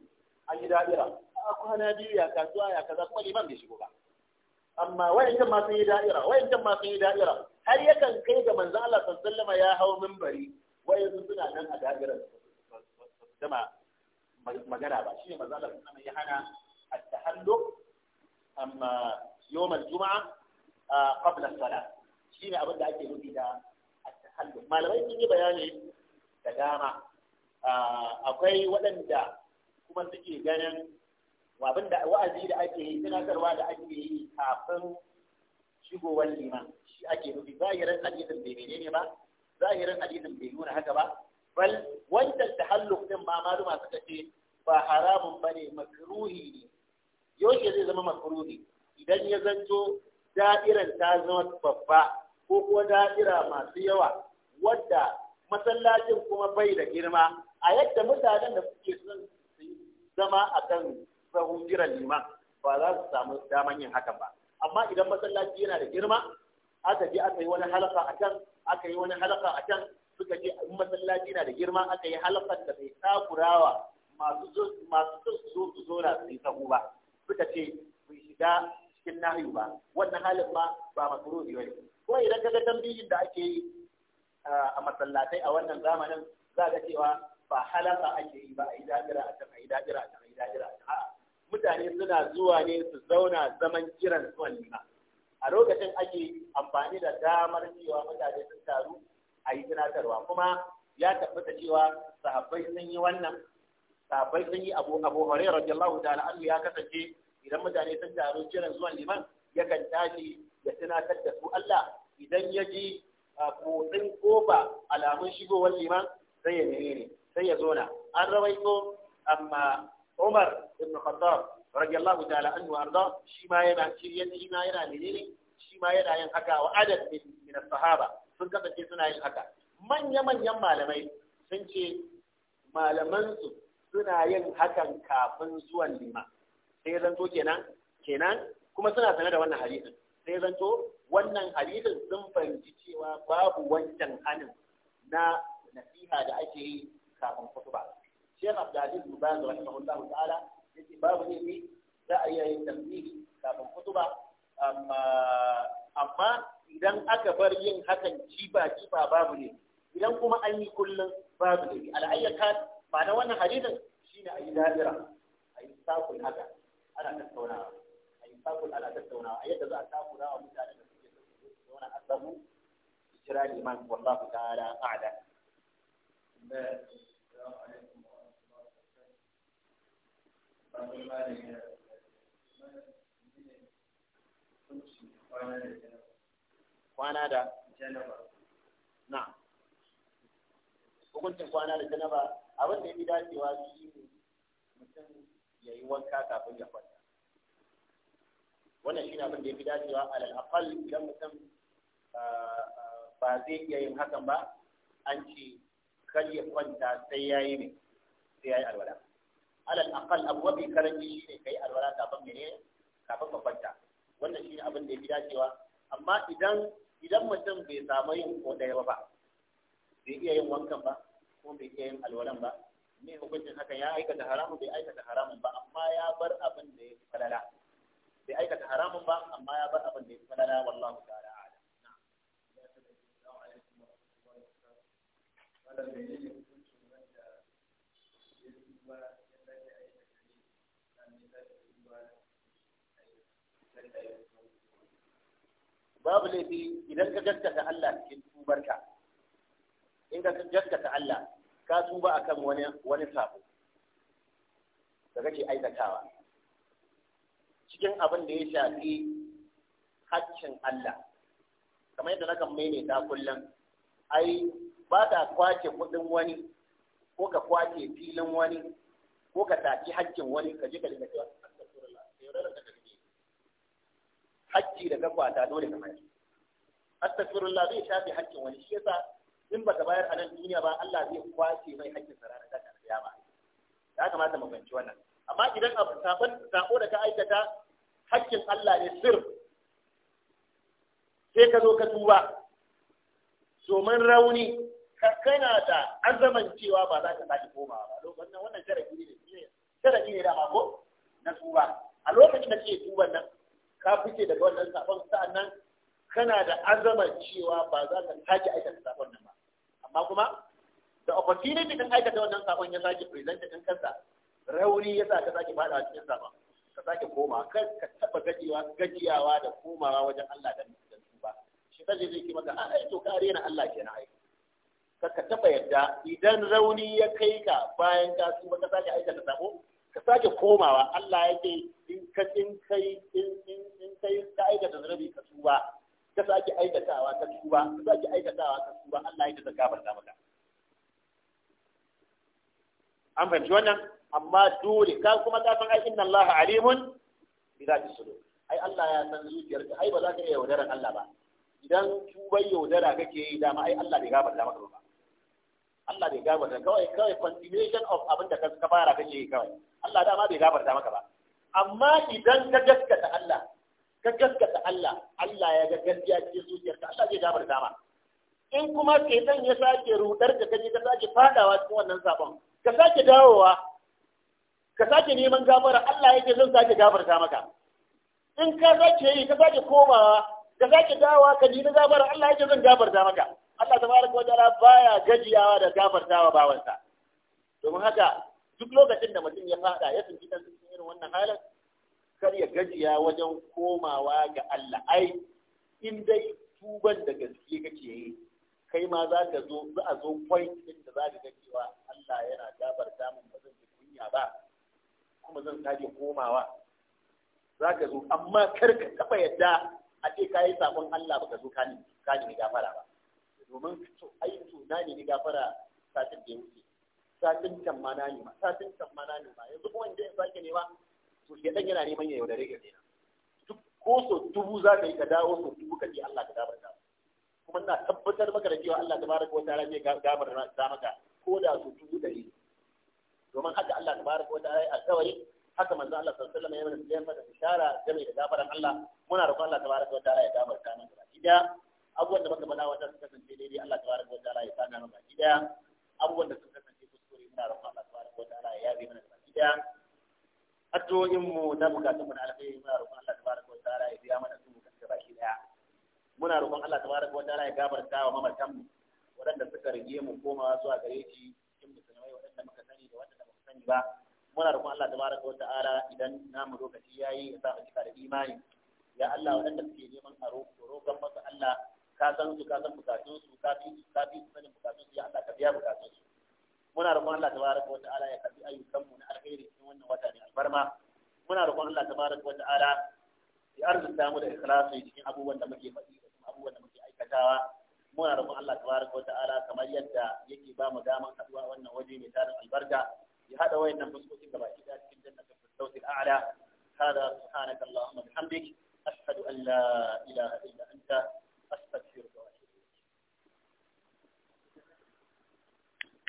an yi da'ira a ah, kwana biyu ya kasuwa ya kaza kuma liman bai shigo ba amma wayancan ma sun yi da'ira wayancan ma sun yi da'ira har yakan kai ga manzo Allah sallallahu ya hau minbari wayansu suna nan a da'irar sama magana ba shine manzo Allah sallallahu alaihi ya hana at-tahalluq amma yawm al-jum'a qabla as-salat shine abin da ake nufi da at-tahalluq malamai sun yi bayani da dama akwai waɗanda kuma suke ganin abin da wa'azi da ake yi tunatarwa da ake yi kafin shigowar liman shi ake nufi zahirin hadisin bai menene ba zahirin hadisin bai nuna haka ba bal wancan tahalluk din ma maluma suka ce ba haramun ba ne makruhi ne yaushe zai zama makruhi idan ya zanto da'iran ta zama babba ko kuma da'ira masu yawa wadda masallacin kuma bai da girma a yadda mutanen da suke son su zama a kan sahun jiran liman ba za su samu daman yin hakan ba amma idan masallaci yana da girma aka je aka yi wani halaka a can aka yi wani halaka a can suka je in masallaci yana da girma aka yi halakar da bai takurawa masu zo su zo su zo na su yi sahu ba suka ce su shiga cikin nahiyu ba wannan halin ma ba makaruhi ba ne ko idan ka ga tambayin da ake yi ah, a masallatai a wannan zamanin za ka cewa ba halaka ake yi ba a yi dajira a can a yi dajira a can a yi dajira a can mutane suna zuwa ne su zauna zaman kiran zuwan lima a lokacin ake amfani da damar cewa mutane sun taru a yi tunatarwa kuma ya tabbata cewa sahabbai sun yi wannan sahabbai sun yi abu abu hore radiyallahu ta'ala anhu ya kasance idan mutane sun taru kiran zuwan liman yakan tashi ya tunatar da su Allah idan ya ji ah, motsin kofa alamun shigowar liman sai ya nene. sai ya zona an rawaito amma Umar ibn Khattab radiyallahu ta'ala anhu arda shi ma yana shi ma yana menene shi ma yana yin haka wa adad min min sahaba sun kasance suna yin haka manya manyan malamai sun ce malaman su suna yin hakan kafin zuwan lima sai zanto kenan kenan kuma suna sanar da wannan hadisin sai zanto wannan hadisin sun fahimci cewa babu wancan hanin na nasiha da ake yi kafin kutuba Sheikh Abdulaziz bin Baz rahimahullahu ta'ala yace babu ne za a iya yin tasbihi kafin kutuba amma amma idan aka bar yin hakan jiba jiba babu ne idan kuma an yi kullum babu ne al'ayyaka ma'ana wannan hadisin shine a yi da'ira a yi sakul haka ana tattaunawa a yi sakul ana tattaunawa a yadda za a takura wa mutane da suke so su zauna a samu jira liman wallahu ta'ala a'lam kwana da janaba na hukuncin kwana da janaba abin da ya fi dacewa shi ne mutum ya yi wanka kafin ya kwanta wannan shi ne abin da ya fi dacewa a aqal idan mutum ah, ah, ba zai iya yin hakan ba an ce kar ya kwanta sai ya yi ne sai ya yi alwala alal akal abu mafi karanci ka yi alwala kafin mene kafin ka kwanta wannan shi ne abin da ya fi dacewa amma idan idan mutum bai samu yin ko ɗaya ba bai iya yin wankan ba ko bai iya yin alwalan ba me hukuncin haka ya aikata haramun bai aikata haramun ba amma ya bar abin da ya fi falala bai aikata haramun ba amma ya bar abin da ya fi falala wallahu ta'ala babu laifi idan ka gaskata Allah cikin tubarka in ka gaskata Allah ka tuba akan wani wani sabo da kake aikatawa cikin abin da ya shafi haccin Allah kamar yadda na kan maimaita kullum ai ba ta kwace kuɗin wani ko ka kwace filin wani ko ka taki haƙƙin wani ka je ka dinga cewa haƙƙi da ka kwata dole ka mai astaghfirullah zai shafe haƙƙin wani shi yasa in baka bayar a nan duniya ba Allah zai kwace mai haƙƙin sa ranar da ka ba ya kamata mu fahimci wannan amma idan abu sabon sako da ka aikata haƙƙin Allah ne sir sai ka zo ka tuba domin rauni kana da azaman cewa ba za ka sake komawa ba wannan wannan sharadi ne sharadi ne da mako ko na tuba a lokacin da kake tuba nan ka fice daga wannan sabon nan kana da azaman cewa ba za ka sake aikata sabon nan ba amma kuma da opportunity din aikata wannan sabon ya sake present din kansa rauni yasa ka sake fada cikin sabon ka sake koma kar ka taba gajiyawa gajiyawa da komawa wajen Allah dan tuba shi kaje zai ki maka a ai to ka rena Allah kenan ai ka taba yadda idan rauni ya kai ka bayan ka su ka sake aikata sako ka sake komawa Allah ya ce in ka in kai in in in kai ka aikata zarabi ka tuba ka sake aikatawa ka tuba ka sake aikatawa ka tuba Allah ya ta gafarta maka an fahimci wannan amma dole ka kuma ka san aikin Allah alimun bi zati sudur ai Allah ya san zuciyarka ai ba za ka iya yaudaran Allah ba idan tubai yaudara kake yi dama ai Allah bai gafarta maka ba Allah bai gafarta kawai kawai continuation of abin da ka fara kake yi kawai Allah dama bai gafarta maka ba amma idan ka gaskata Allah ka gaskata Allah Allah ya ga gaskiya cikin zuciyarka Allah bai gafarta ma in kuma shaitan ya sake rudar ka kaje ka sake fadawa cikin wannan sabon ka sake dawowa ka sake neman gafara Allah yake zan sake gafarta maka in ka sake yi ka sake komawa ka sake dawowa ka nemi gafara Allah yake zan gafarta maka Allah tabaraka wa ta'ala baya gajiyawa da gafartawa bawansa domin haka duk lokacin da mutum ya fada ya tunji kan cikin irin wannan halin kar ya gajiya wajen komawa ga Allah ai in dai tuban da gaske kake yi kai ma za ka zo za a zo point din da za ka ga cewa Allah yana gafarta min ba zan ji kunya ba kuma zan sake komawa za ka zo amma kar ka taba yadda a ce ka yi sabon Allah baka zo ka ni gafara ba domin ai to na ne ni gafara satin da yake wuce satin can ma na nema satin can ma na nema yanzu kuma inda ya sake nema to shi dan yana neman ya da rage kenan duk ko so dubu za ka yi ka dawo so dubu ka ji Allah ka da. kuma ina tabbatar maka da cewa Allah tabaraka wa ta'ala zai gafarta maka ko da so dubu da yi domin haka Allah tabaraka wa ta'ala ya alƙawari haka manzo Allah sallallahu alaihi sallam ya mana bishara game da gafaran Allah muna roƙon Allah tabaraka wa ta'ala ya gafarta mana gida abubuwan da muka faɗa wanda suka kasance daidai Allah tabaraka wa ta'ala ya sana mana baki daya abubuwan da su kasance kuskure muna roƙon Allah tabaraka wa ta'ala ya yabe mana baki daya addu'o'in mu na bukatun mu alkhairi muna roƙon Allah tabaraka wa ta'ala ya biya mana su bukatun baki daya muna roƙon Allah tabaraka wa ta'ala ya gafarta wa mamatan mu waɗanda suka rige mu komawa zuwa gare shi cikin musulmai waɗanda muka sani da waɗanda muka sani ba muna roƙon Allah tabaraka wa ta'ala idan namu lokaci yayi ya sa mu cika da imani ya Allah waɗanda suke neman a roƙon masa Allah ka san su ka san bukatun su ka fi su ka fi sanin bukatun su ya Allah ka biya bukatun su muna roƙon Allah tabaraka wa ta'ala ya karbi ayyukan mu na alheri cikin wannan wata ne albarma muna roƙon Allah tabaraka wa ta'ala ya arzuta mu da ikhlasi cikin abubuwan da muke faɗi da kuma abubuwan da muke aikatawa muna roƙon Allah tabaraka wa ta'ala kamar yadda yake ba mu daman haɗuwa wannan waje mai tarin albarka ya haɗa wayannan fuskokin gaba ki da cikin jannatin firdausil a'la هذا سبحانك اللهم وبحمدك أشهد أن لا إله إلا أنت أستغفرك